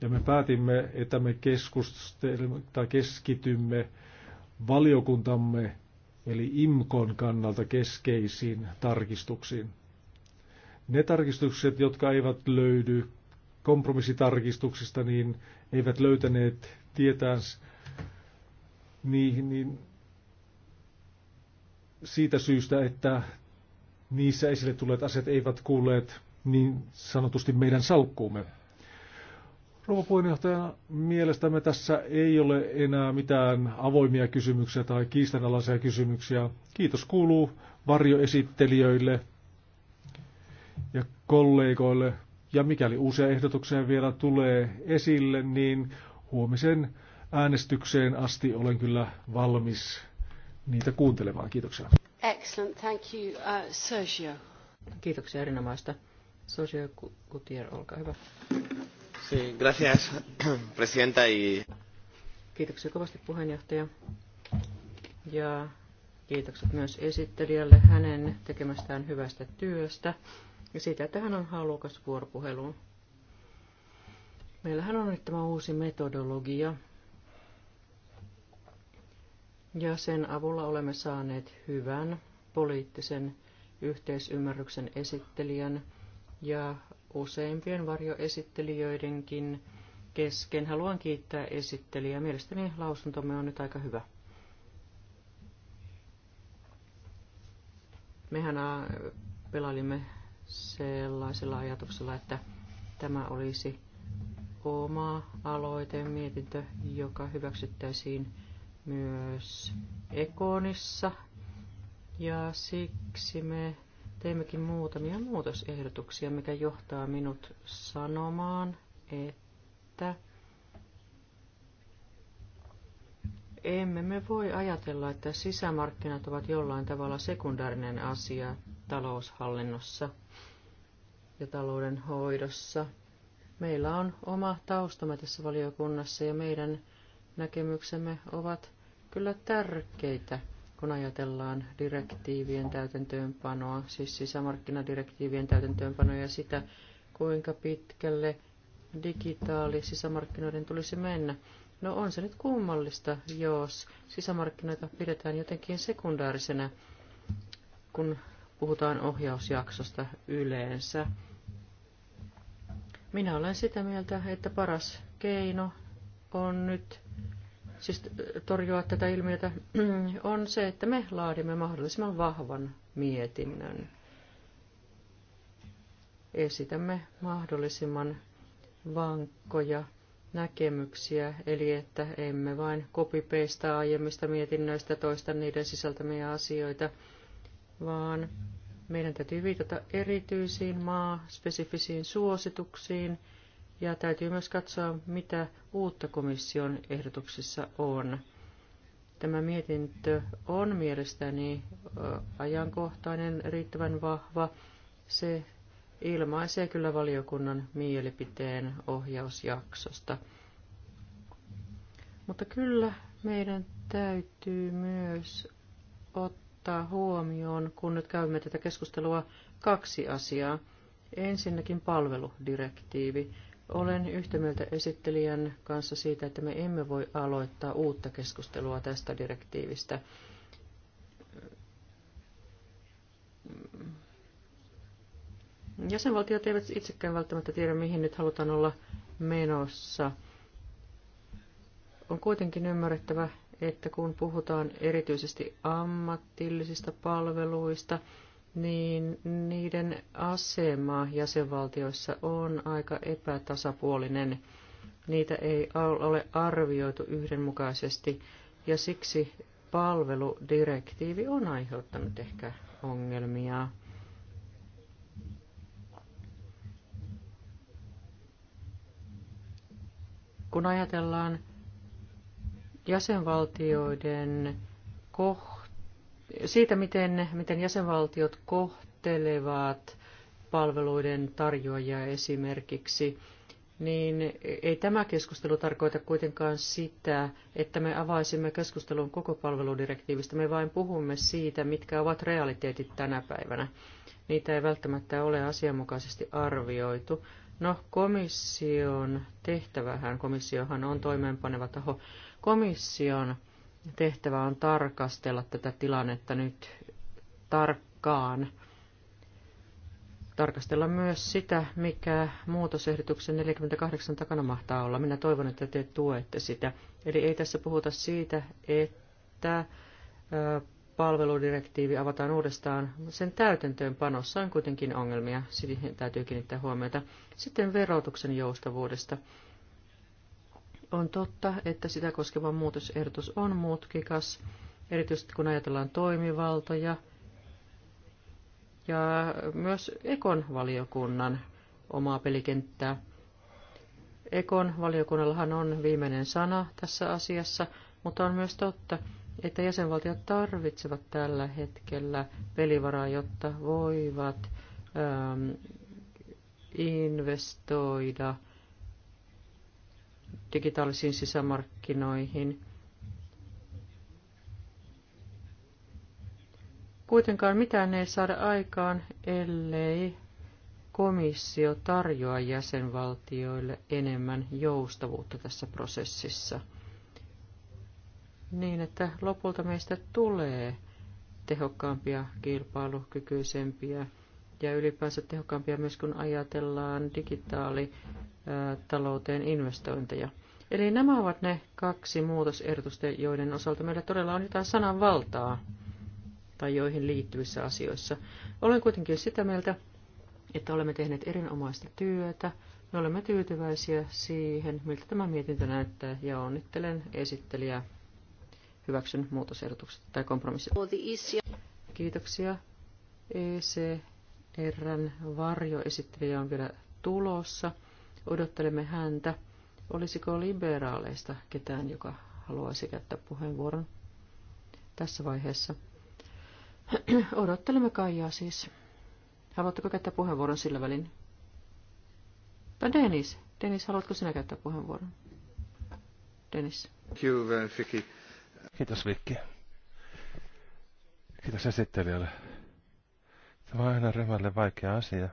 Ja me päätimme, että me tai keskitymme valiokuntamme eli IMKON kannalta keskeisiin tarkistuksiin. Ne tarkistukset, jotka eivät löydy kompromissitarkistuksista, niin eivät löytäneet tietäns, niihin, niin siitä syystä, että niissä esille tulleet asiat eivät kuulleet niin sanotusti meidän salkkuumme. Rouva puheenjohtaja, mielestämme tässä ei ole enää mitään avoimia kysymyksiä tai kiistanalaisia kysymyksiä. Kiitos kuuluu varjoesittelijöille ja kollegoille. Ja mikäli uusia ehdotuksia vielä tulee esille, niin huomisen äänestykseen asti olen kyllä valmis niitä kuuntelemaan. Kiitoksia. Excellent, thank you, uh, Sergio. Kiitoksia erinomaista. Sergio Gutier, olkaa hyvä. Sí, gracias, presidenta. Y... Kiitoksia kovasti puheenjohtaja. Ja kiitokset myös esittelijälle hänen tekemästään hyvästä työstä ja siitä, että hän on halukas vuoropuheluun. Meillähän on nyt tämä uusi metodologia, ja sen avulla olemme saaneet hyvän poliittisen yhteisymmärryksen esittelijän ja useimpien varjoesittelijöidenkin kesken. Haluan kiittää esittelijää. Mielestäni lausuntomme on nyt aika hyvä. Mehän pelailimme sellaisella ajatuksella, että tämä olisi oma aloite mietintö, joka hyväksyttäisiin myös Ekonissa. Ja siksi me Teimmekin muutamia muutosehdotuksia, mikä johtaa minut sanomaan, että emme me voi ajatella, että sisämarkkinat ovat jollain tavalla sekundaarinen asia taloushallinnossa ja talouden hoidossa. Meillä on oma taustamme tässä valiokunnassa ja meidän näkemyksemme ovat kyllä tärkeitä kun ajatellaan direktiivien täytäntöönpanoa, siis sisämarkkinadirektiivien täytäntöönpanoa ja sitä, kuinka pitkälle digitaali sisämarkkinoiden tulisi mennä. No on se nyt kummallista, jos sisämarkkinoita pidetään jotenkin sekundaarisena, kun puhutaan ohjausjaksosta yleensä. Minä olen sitä mieltä, että paras keino on nyt siis äh, torjua tätä ilmiötä, on se, että me laadimme mahdollisimman vahvan mietinnön. Esitämme mahdollisimman vankkoja näkemyksiä, eli että emme vain kopipeista aiemmista mietinnöistä toista niiden sisältämiä asioita, vaan meidän täytyy viitata erityisiin maa-spesifisiin suosituksiin – ja täytyy myös katsoa, mitä uutta komission ehdotuksessa on. Tämä mietintö on mielestäni ajankohtainen, riittävän vahva. Se ilmaisee kyllä valiokunnan mielipiteen ohjausjaksosta. Mutta kyllä meidän täytyy myös ottaa huomioon, kun nyt käymme tätä keskustelua, kaksi asiaa. Ensinnäkin palveludirektiivi. Olen yhtä mieltä esittelijän kanssa siitä, että me emme voi aloittaa uutta keskustelua tästä direktiivistä. Jäsenvaltiot eivät itsekään välttämättä tiedä, mihin nyt halutaan olla menossa. On kuitenkin ymmärrettävä, että kun puhutaan erityisesti ammatillisista palveluista, niin niiden asema jäsenvaltioissa on aika epätasapuolinen. Niitä ei ole arvioitu yhdenmukaisesti ja siksi palveludirektiivi on aiheuttanut ehkä ongelmia. Kun ajatellaan jäsenvaltioiden kohtaa, siitä, miten, miten jäsenvaltiot kohtelevat palveluiden tarjoajia esimerkiksi, niin ei tämä keskustelu tarkoita kuitenkaan sitä, että me avaisimme keskustelun koko palveludirektiivistä. Me vain puhumme siitä, mitkä ovat realiteetit tänä päivänä. Niitä ei välttämättä ole asianmukaisesti arvioitu. No, komission tehtävähän, komissiohan on toimeenpaneva taho. Komission tehtävä on tarkastella tätä tilannetta nyt tarkkaan. Tarkastella myös sitä, mikä muutosehdotuksen 48 takana mahtaa olla. Minä toivon, että te tuette sitä. Eli ei tässä puhuta siitä, että palveludirektiivi avataan uudestaan. Sen täytäntöönpanossa on kuitenkin ongelmia, siihen täytyy kiinnittää huomiota. Sitten verotuksen joustavuudesta. On totta, että sitä koskeva muutosehdotus on mutkikas, erityisesti kun ajatellaan toimivaltoja ja myös Ekon valiokunnan omaa pelikenttää. Ekon valiokunnallahan on viimeinen sana tässä asiassa, mutta on myös totta, että jäsenvaltiot tarvitsevat tällä hetkellä pelivaraa, jotta voivat ähm, investoida – digitaalisiin sisämarkkinoihin. Kuitenkaan mitään ei saada aikaan, ellei komissio tarjoa jäsenvaltioille enemmän joustavuutta tässä prosessissa, niin että lopulta meistä tulee tehokkaampia, kilpailukykyisempiä ja ylipäänsä tehokkaampia myös kun ajatellaan digitaali talouteen investointeja. Eli nämä ovat ne kaksi muutosehdotusta, joiden osalta meillä todella on jotain sananvaltaa tai joihin liittyvissä asioissa. Olen kuitenkin sitä mieltä, että olemme tehneet erinomaista työtä. Me olemme tyytyväisiä siihen, miltä tämä mietintö näyttää, ja onnittelen esittelijää. Hyväksyn muutosehdotukset tai kompromissit. Kiitoksia. ECRn varjoesittelijä on vielä tulossa. Odottelemme häntä. Olisiko liberaaleista ketään, joka haluaisi käyttää puheenvuoron tässä vaiheessa? Odottelemme Kaijaa siis. Haluatteko käyttää puheenvuoron sillä välin? Tai Dennis. Dennis, haluatko sinä käyttää puheenvuoron? Dennis. Uh, Kiitos Vicky. Kiitos esittelijälle. Tämä on aina ryhmälle vaikea asia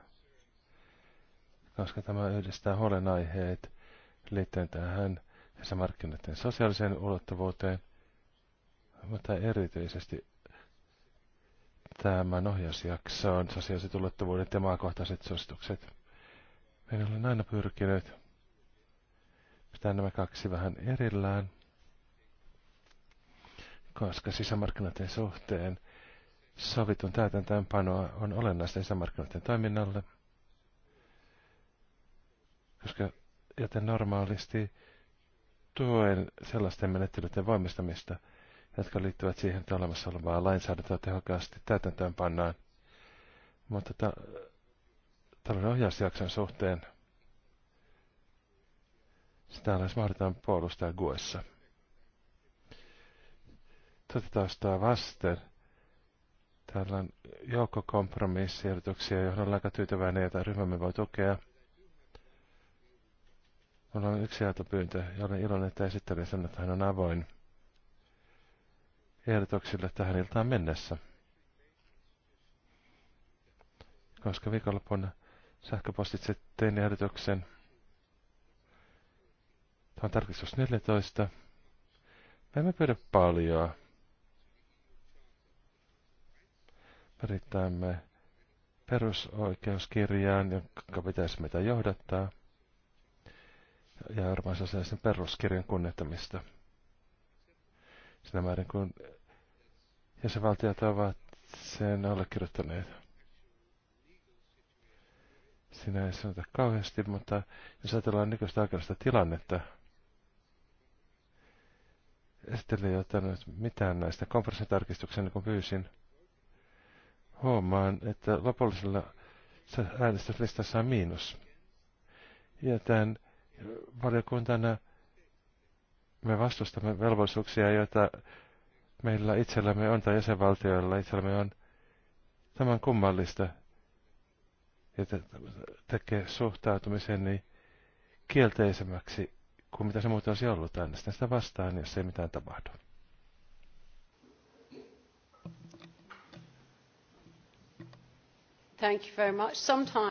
koska tämä yhdistää huolenaiheet liittyen tähän sisämarkkinoiden sosiaaliseen ulottuvuuteen, mutta erityisesti tämän ohjausjaksoon sosiaaliset ulottuvuudet ja maakohtaiset suositukset. Minä olen aina pyrkinyt pitää nämä kaksi vähän erillään, koska sisämarkkinoiden suhteen sovitun täytäntöönpanoa on olennaista sisämarkkinoiden toiminnalle – koska joten normaalisti tuen sellaisten menettelyiden voimistamista, jotka liittyvät siihen, että olemassa olevaa lainsäädäntöä tehokkaasti täytäntöön pannaan. Mutta ta- talouden ohjausjakson suhteen sitä olisi mahdoton puolustaa Guessa. Tätä taustaa vasten täällä on joukko kompromissiehdotuksia, joihin on aika tyytyväinen, joita ryhmämme voi tukea – Mulla on yksi autopyyntö ja olen iloinen, että esittelen sen, että hän on avoin ehdotuksille tähän iltaan mennessä. Koska viikonloppuna sähköpostitse tein ehdotuksen. Tämä on tarkistus 14. Me emme pyydä paljon. perittämme perusoikeuskirjaan, jonka pitäisi meitä johdattaa ja Euroopan sen peruskirjan kunnioittamista. Sinä määrin kuin jäsenvaltiot ovat sen allekirjoittaneet. Sinä ei sanota kauheasti, mutta jos ajatellaan nykyistä oikeudellista tilannetta, Estelle ei ottanut mitään näistä konferenssitarkistuksen, niin kun pyysin. Huomaan, että lopullisella äänestyslistassa on miinus. Ja tämän valiokuntana me vastustamme velvollisuuksia, joita meillä itsellämme on tai jäsenvaltioilla itsellämme on. Tämän kummallista että tekee tekee suhtautumiseni niin kielteisemmäksi kuin mitä se muuten olisi ollut. Äänestän sitä vastaan, jos ei mitään tapahdu. Thank you very much. Sometime.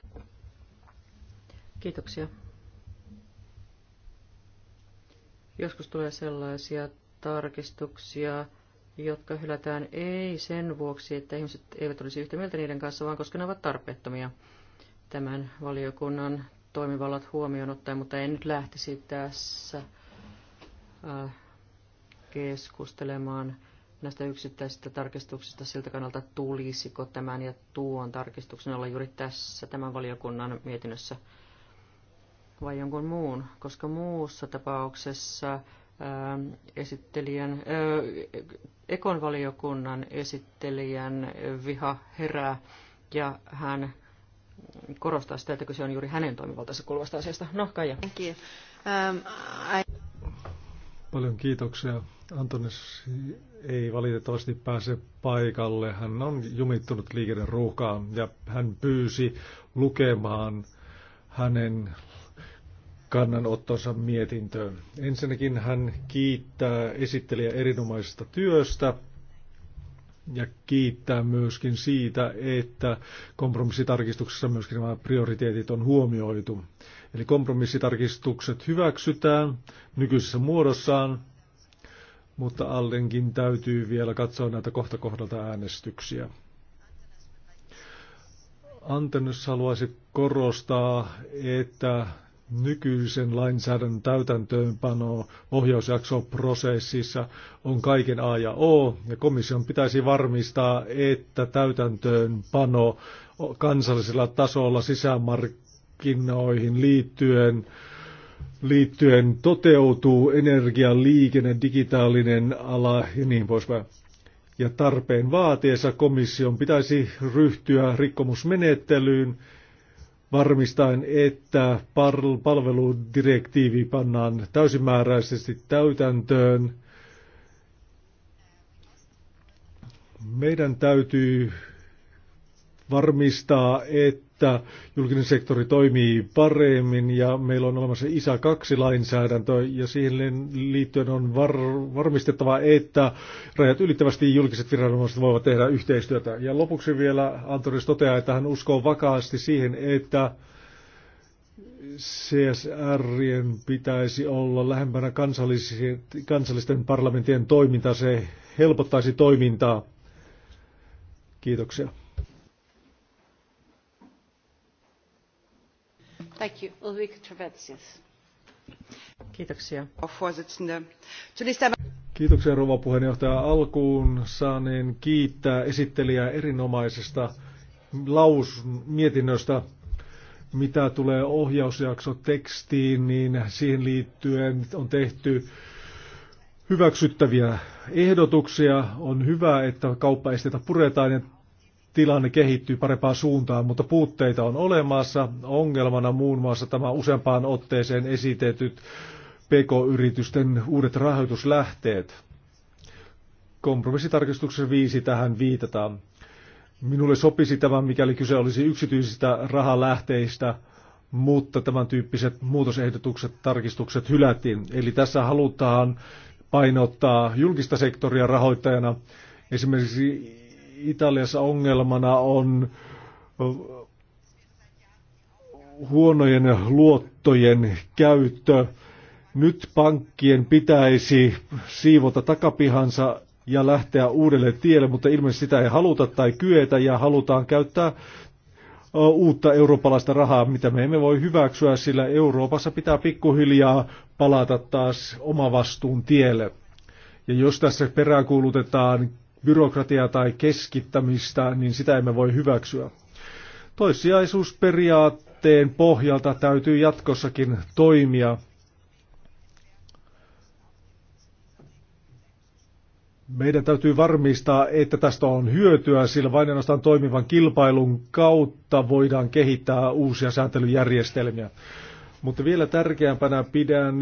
Kiitoksia. Joskus tulee sellaisia tarkistuksia, jotka hylätään ei sen vuoksi, että ihmiset eivät olisi yhtä mieltä niiden kanssa, vaan koska ne ovat tarpeettomia tämän valiokunnan toimivallat huomioon ottaen, mutta en nyt lähtisi tässä äh, keskustelemaan näistä yksittäisistä tarkistuksista siltä kannalta, tulisiko tämän ja tuon tarkistuksen olla juuri tässä tämän valiokunnan mietinnössä vai jonkun muun, koska muussa tapauksessa ähm, esittelijän, äh, ekonvaliokunnan esittelijän viha herää ja hän korostaa sitä, että se on juuri hänen toimivaltaansa kuuluvasta asiasta. No, Kaija. Um, Paljon kiitoksia. Antonis ei valitettavasti pääse paikalle. Hän on jumittunut liikenneruuhkaan ja hän pyysi lukemaan hänen kannanottonsa mietintöön. Ensinnäkin hän kiittää esittelijä erinomaisesta työstä ja kiittää myöskin siitä, että kompromissitarkistuksessa myöskin nämä prioriteetit on huomioitu. Eli kompromissitarkistukset hyväksytään nykyisessä muodossaan, mutta allenkin täytyy vielä katsoa näitä kohta kohdalta äänestyksiä. Antennus haluaisi korostaa, että nykyisen lainsäädännön täytäntöönpano ohjausjaksoprosessissa on kaiken A ja O, ja komission pitäisi varmistaa, että täytäntöönpano kansallisella tasolla sisämarkkinoihin liittyen liittyen toteutuu energia, liikenne, digitaalinen ala ja niin poispäin. Ja tarpeen vaatiessa komission pitäisi ryhtyä rikkomusmenettelyyn, varmistaen, että palveludirektiivi pannaan täysimääräisesti täytäntöön. Meidän täytyy varmistaa, että julkinen sektori toimii paremmin ja meillä on olemassa isä 2 lainsäädäntö ja siihen liittyen on var- varmistettava, että rajat ylittävästi julkiset viranomaiset voivat tehdä yhteistyötä. Ja lopuksi vielä Antonis toteaa, että hän uskoo vakaasti siihen, että CSR pitäisi olla lähempänä kansallisten parlamenttien toimintaa. Se helpottaisi toimintaa. Kiitoksia. Kiitoksia. Kiitoksia rouva puheenjohtaja. Alkuun saaneen niin kiittää esittelijää erinomaisesta laus mietinnöstä mitä tulee ohjausjakso tekstiin, niin siihen liittyen on tehty hyväksyttäviä ehdotuksia. On hyvä, että kauppaesteitä puretaan ja tilanne kehittyy parempaan suuntaan, mutta puutteita on olemassa. Ongelmana muun muassa tämä useampaan otteeseen esitetyt PK-yritysten uudet rahoituslähteet. Kompromissitarkistuksessa viisi tähän viitataan. Minulle sopisi tämä, mikäli kyse olisi yksityisistä rahalähteistä, mutta tämän tyyppiset muutosehdotukset, tarkistukset hylättiin. Eli tässä halutaan painottaa julkista sektoria rahoittajana. Esimerkiksi Italiassa ongelmana on huonojen luottojen käyttö. Nyt pankkien pitäisi siivota takapihansa ja lähteä uudelle tielle, mutta ilmeisesti sitä ei haluta tai kyetä ja halutaan käyttää uutta eurooppalaista rahaa, mitä me emme voi hyväksyä, sillä Euroopassa pitää pikkuhiljaa palata taas omavastuun tielle. Ja jos tässä peräänkuulutetaan byrokratiaa tai keskittämistä, niin sitä emme voi hyväksyä. Toissijaisuusperiaatteen pohjalta täytyy jatkossakin toimia. Meidän täytyy varmistaa, että tästä on hyötyä, sillä vain ainoastaan toimivan kilpailun kautta voidaan kehittää uusia sääntelyjärjestelmiä. Mutta vielä tärkeämpänä pidän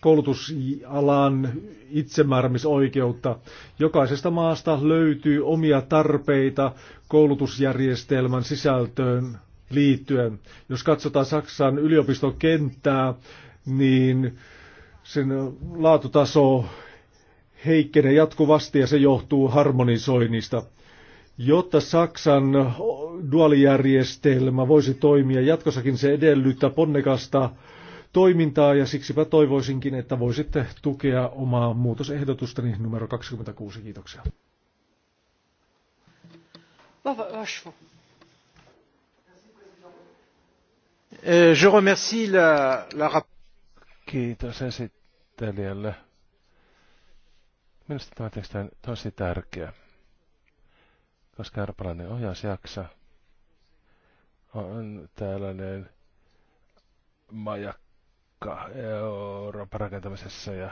koulutusalan itsemääräämisoikeutta. Jokaisesta maasta löytyy omia tarpeita koulutusjärjestelmän sisältöön liittyen. Jos katsotaan Saksan yliopistokenttää, niin sen laatutaso heikkenee jatkuvasti ja se johtuu harmonisoinnista. Jotta Saksan dualijärjestelmä voisi toimia jatkossakin, se edellyttää ponnekasta toimintaa ja siksipä toivoisinkin, että voisitte tukea omaa muutosehdotustani numero 26. Kiitoksia. Euh, je remercie la, la... Kiitos esittelijälle. Minusta tämä teksti on tosi tärkeä, koska Arpalainen ohjausjaksa on tällainen majakka uhka Euroopan rakentamisessa ja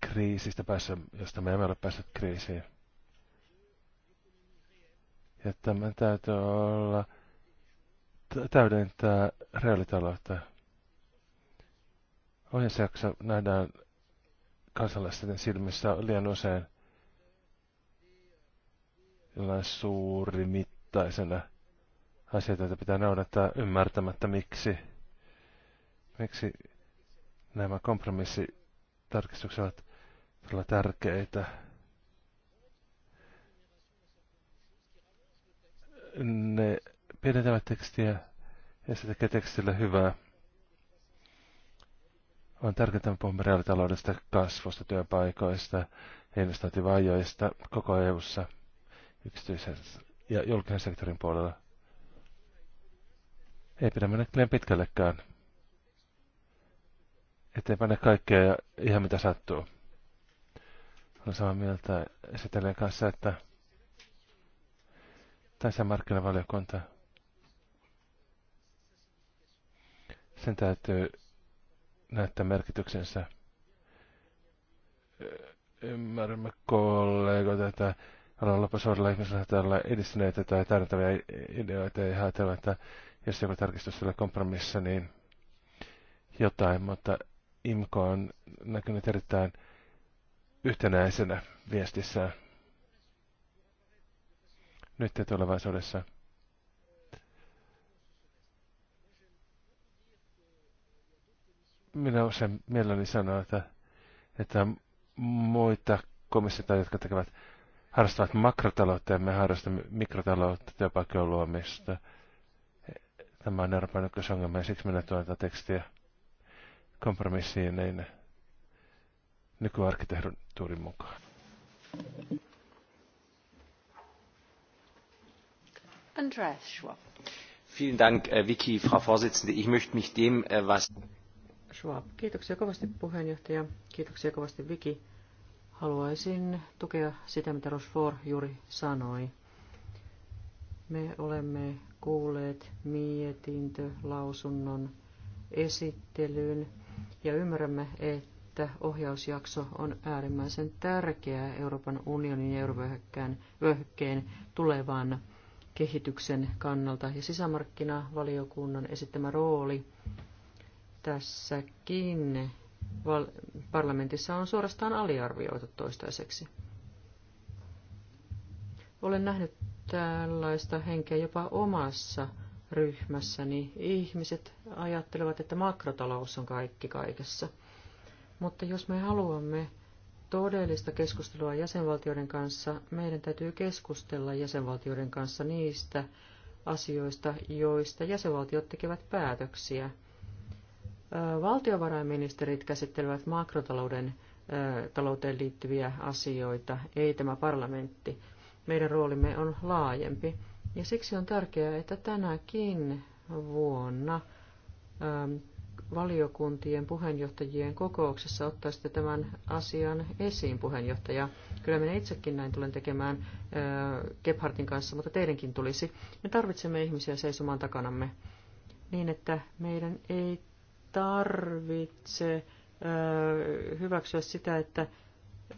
kriisistä päässä, josta me emme ole päässeet kriisiin. Ja tämän täytyy olla täydentää reaalitaloutta. Ohjaisjakso nähdään kansalaisten silmissä liian usein jollain suurimittaisena asioita, joita pitää noudattaa ymmärtämättä, miksi, miksi nämä kompromissitarkistukset ovat todella tärkeitä. Ne pidentävät tekstiä ja se tekee tekstille hyvää. On tärkeintä puhua reaalitaloudesta, kasvusta, työpaikoista, investointivajoista koko EU-ssa yksityisen ja julkisen sektorin puolella. Ei pidä mennä liian pitkällekään. Ettei pane kaikkea ja ihan mitä sattuu. Olen samaa mieltä esitellen kanssa, että tässä markkinavaliokunta sen täytyy näyttää merkityksensä. Ymmärrämme kollegoita, että ollaan lopussa ihmisellä täällä edistyneitä tai täydentäviä ideoita ja ajatella, että jos joku tarkistus tulee kompromissa, niin jotain, mutta IMKO on näkynyt erittäin yhtenäisenä viestissään nyt ja tulevaisuudessa. Minä usein mielelläni sanon, että, että muita komissioita, jotka tekevät, harrastavat makrotaloutta ja me harrastamme mikrotaloutta, työpaikkojen luomista – Tämä on Euroopan ykkösongelma ja siksi minä tuon tätä tekstiä kompromissiin niin nykyarkkitehtuurin mukaan. Andreas Schwab. Vielen Dank, äh, Vicky, Frau Vorsitzende. Ich möchte mich dem, äh, was... Schwab. Kiitoksia kovasti puheenjohtaja. Kiitoksia kovasti Viki. Haluaisin tukea sitä, mitä Rosfor juuri sanoi. Me olemme kuulleet mietintö, lausunnon esittelyyn ja ymmärrämme, että ohjausjakso on äärimmäisen tärkeä Euroopan unionin ja eurovyöhykkeen tulevan kehityksen kannalta ja sisämarkkinavaliokunnan esittämä rooli tässäkin parlamentissa on suorastaan aliarvioitu toistaiseksi. Olen nähnyt tällaista henkeä jopa omassa ryhmässäni. Ihmiset ajattelevat, että makrotalous on kaikki kaikessa. Mutta jos me haluamme todellista keskustelua jäsenvaltioiden kanssa, meidän täytyy keskustella jäsenvaltioiden kanssa niistä asioista, joista jäsenvaltiot tekevät päätöksiä. Valtiovarainministerit käsittelevät makrotalouden talouteen liittyviä asioita, ei tämä parlamentti meidän roolimme on laajempi. Ja siksi on tärkeää, että tänäkin vuonna ähm, valiokuntien puheenjohtajien kokouksessa ottaisitte tämän asian esiin, puheenjohtaja. Kyllä minä itsekin näin tulen tekemään äh, Gebhardin kanssa, mutta teidänkin tulisi. Me tarvitsemme ihmisiä seisomaan takanamme niin, että meidän ei tarvitse äh, hyväksyä sitä, että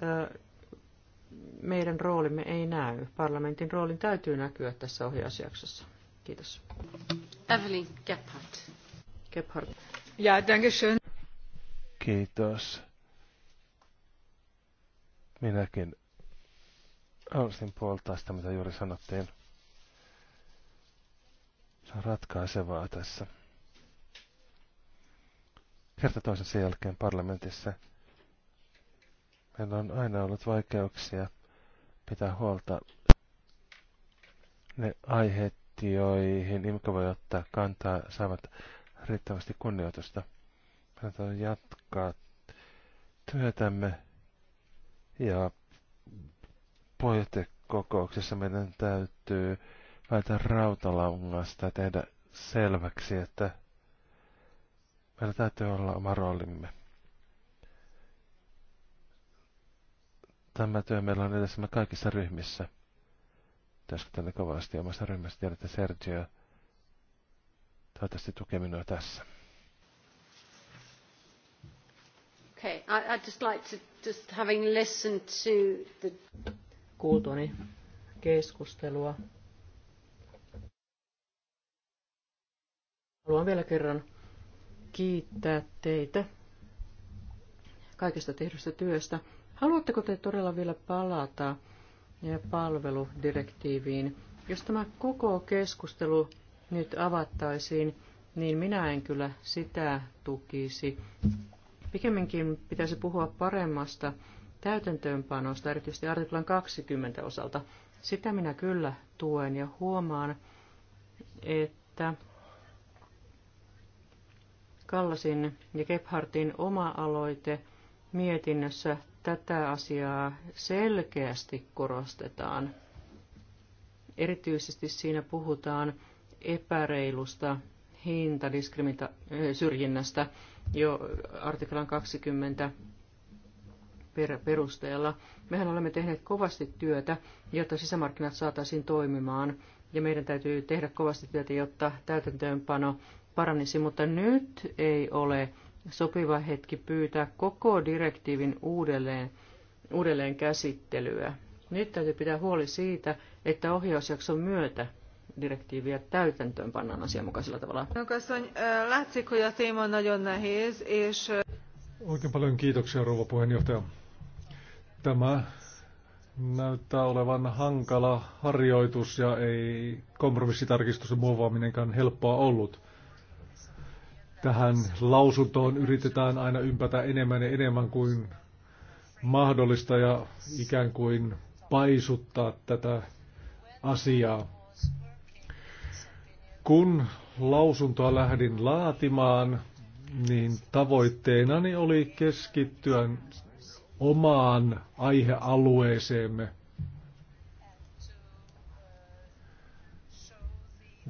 äh, meidän roolimme ei näy. Parlamentin roolin täytyy näkyä tässä ohjausjaksossa. Kiitos. Evelyn Gebhardt. Gebhardt. Ja, danke schön. Kiitos. Minäkin halusin puoltaa sitä, mitä juuri sanottiin. Se on ratkaisevaa tässä. Kerta toisensa jälkeen parlamentissa – Meillä on aina ollut vaikeuksia pitää huolta ne aiheet, joihin IMCA voi ottaa kantaa, saavat riittävästi kunnioitusta. Meidän jatkaa työtämme ja puheenjohtajakokouksessa meidän täytyy väitä rautalangasta ja tehdä selväksi, että meillä täytyy olla oma roolimme. Tämä työ meillä on edessämme kaikissa ryhmissä. Työskentelen kovasti omassa ryhmässä, tiedätte Sergio. Toivottavasti tukee minua tässä. Okay, I, just like to, just having listened to the... Kuultuani keskustelua. Haluan vielä kerran kiittää teitä kaikesta tehdystä työstä. Haluatteko te todella vielä palata palveludirektiiviin? Jos tämä koko keskustelu nyt avattaisiin, niin minä en kyllä sitä tukisi. Pikemminkin pitäisi puhua paremmasta täytäntöönpanosta, erityisesti artiklan 20 osalta. Sitä minä kyllä tuen ja huomaan, että Kallasin ja Gebhardin oma aloite mietinnössä tätä asiaa selkeästi korostetaan. Erityisesti siinä puhutaan epäreilusta hintadiskriminaatiosyrjinnästä eh, jo artiklan 20 perusteella. Mehän olemme tehneet kovasti työtä, jotta sisämarkkinat saataisiin toimimaan, ja meidän täytyy tehdä kovasti työtä, jotta täytäntöönpano paranisi, mutta nyt ei ole sopiva hetki pyytää koko direktiivin uudelleen, uudelleen käsittelyä. Nyt täytyy pitää huoli siitä, että ohjausjakson myötä direktiiviä täytäntöön pannaan asianmukaisella tavalla. Oikein paljon kiitoksia, rouva puheenjohtaja. Tämä näyttää olevan hankala harjoitus ja ei ja muovaaminenkaan helppoa ollut tähän lausuntoon yritetään aina ympätä enemmän ja enemmän kuin mahdollista ja ikään kuin paisuttaa tätä asiaa. Kun lausuntoa lähdin laatimaan, niin tavoitteenani oli keskittyä omaan aihealueeseemme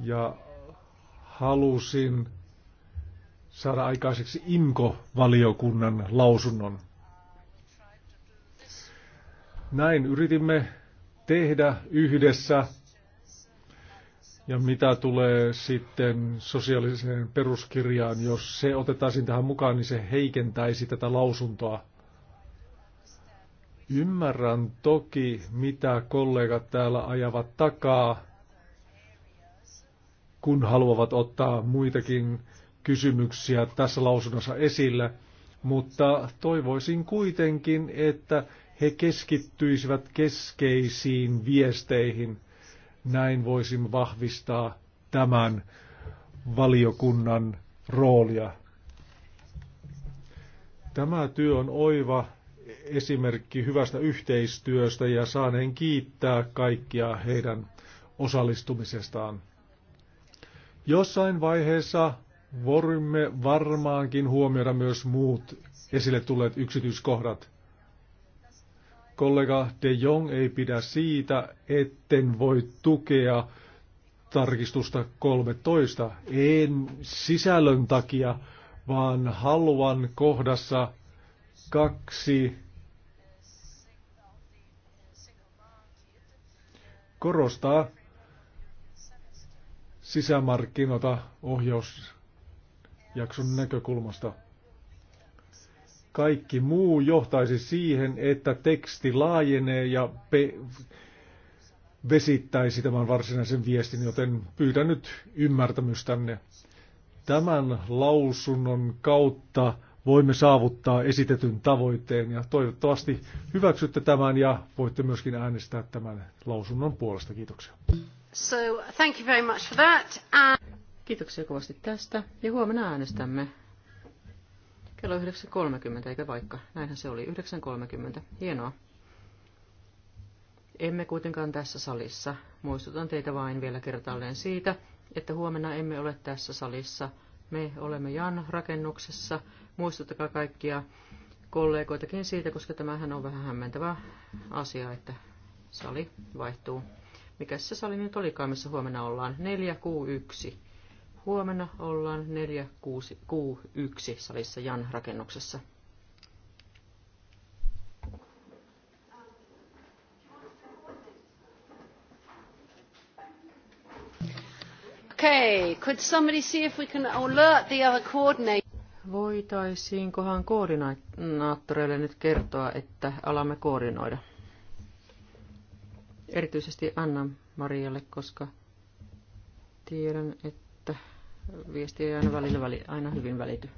ja halusin saada aikaiseksi IMKO-valiokunnan lausunnon. Näin yritimme tehdä yhdessä. Ja mitä tulee sitten sosiaaliseen peruskirjaan, jos se otettaisiin tähän mukaan, niin se heikentäisi tätä lausuntoa. Ymmärrän toki, mitä kollegat täällä ajavat takaa, kun haluavat ottaa muitakin kysymyksiä tässä lausunnossa esillä, mutta toivoisin kuitenkin, että he keskittyisivät keskeisiin viesteihin. Näin voisin vahvistaa tämän valiokunnan roolia. Tämä työ on oiva esimerkki hyvästä yhteistyöstä ja saaneen kiittää kaikkia heidän osallistumisestaan. Jossain vaiheessa voimme varmaankin huomioida myös muut esille tulleet yksityiskohdat. Kollega De Jong ei pidä siitä, etten voi tukea tarkistusta 13. En sisällön takia, vaan haluan kohdassa kaksi korostaa sisämarkkinoita ohjaus jakson näkökulmasta. Kaikki muu johtaisi siihen, että teksti laajenee ja pe- vesittäisi tämän varsinaisen viestin, joten pyydän nyt ymmärtämystänne. Tämän lausunnon kautta voimme saavuttaa esitetyn tavoitteen ja toivottavasti hyväksytte tämän ja voitte myöskin äänestää tämän lausunnon puolesta. Kiitoksia. So, thank you very much for that. And... Kiitoksia kovasti tästä ja huomenna äänestämme. Kello 9.30, eikä vaikka. Näinhän se oli, 9.30. Hienoa. Emme kuitenkaan tässä salissa. Muistutan teitä vain vielä kertaalleen siitä, että huomenna emme ole tässä salissa. Me olemme Jan-rakennuksessa. Muistuttakaa kaikkia kollegoitakin siitä, koska tämähän on vähän hämmentävä asia, että sali vaihtuu. Mikä se sali nyt olikaan, missä huomenna ollaan? 4Q1. Huomenna ollaan 4Q1 salissa Jan rakennuksessa. Okay, could somebody see if we can alert the other coordinator? Voitaisiinkohan koordinaattoreille nyt kertoa, että alamme koordinoida? Erityisesti Anna Marialle, koska tiedän, että viesti ei aina, välillä, aina hyvin välity.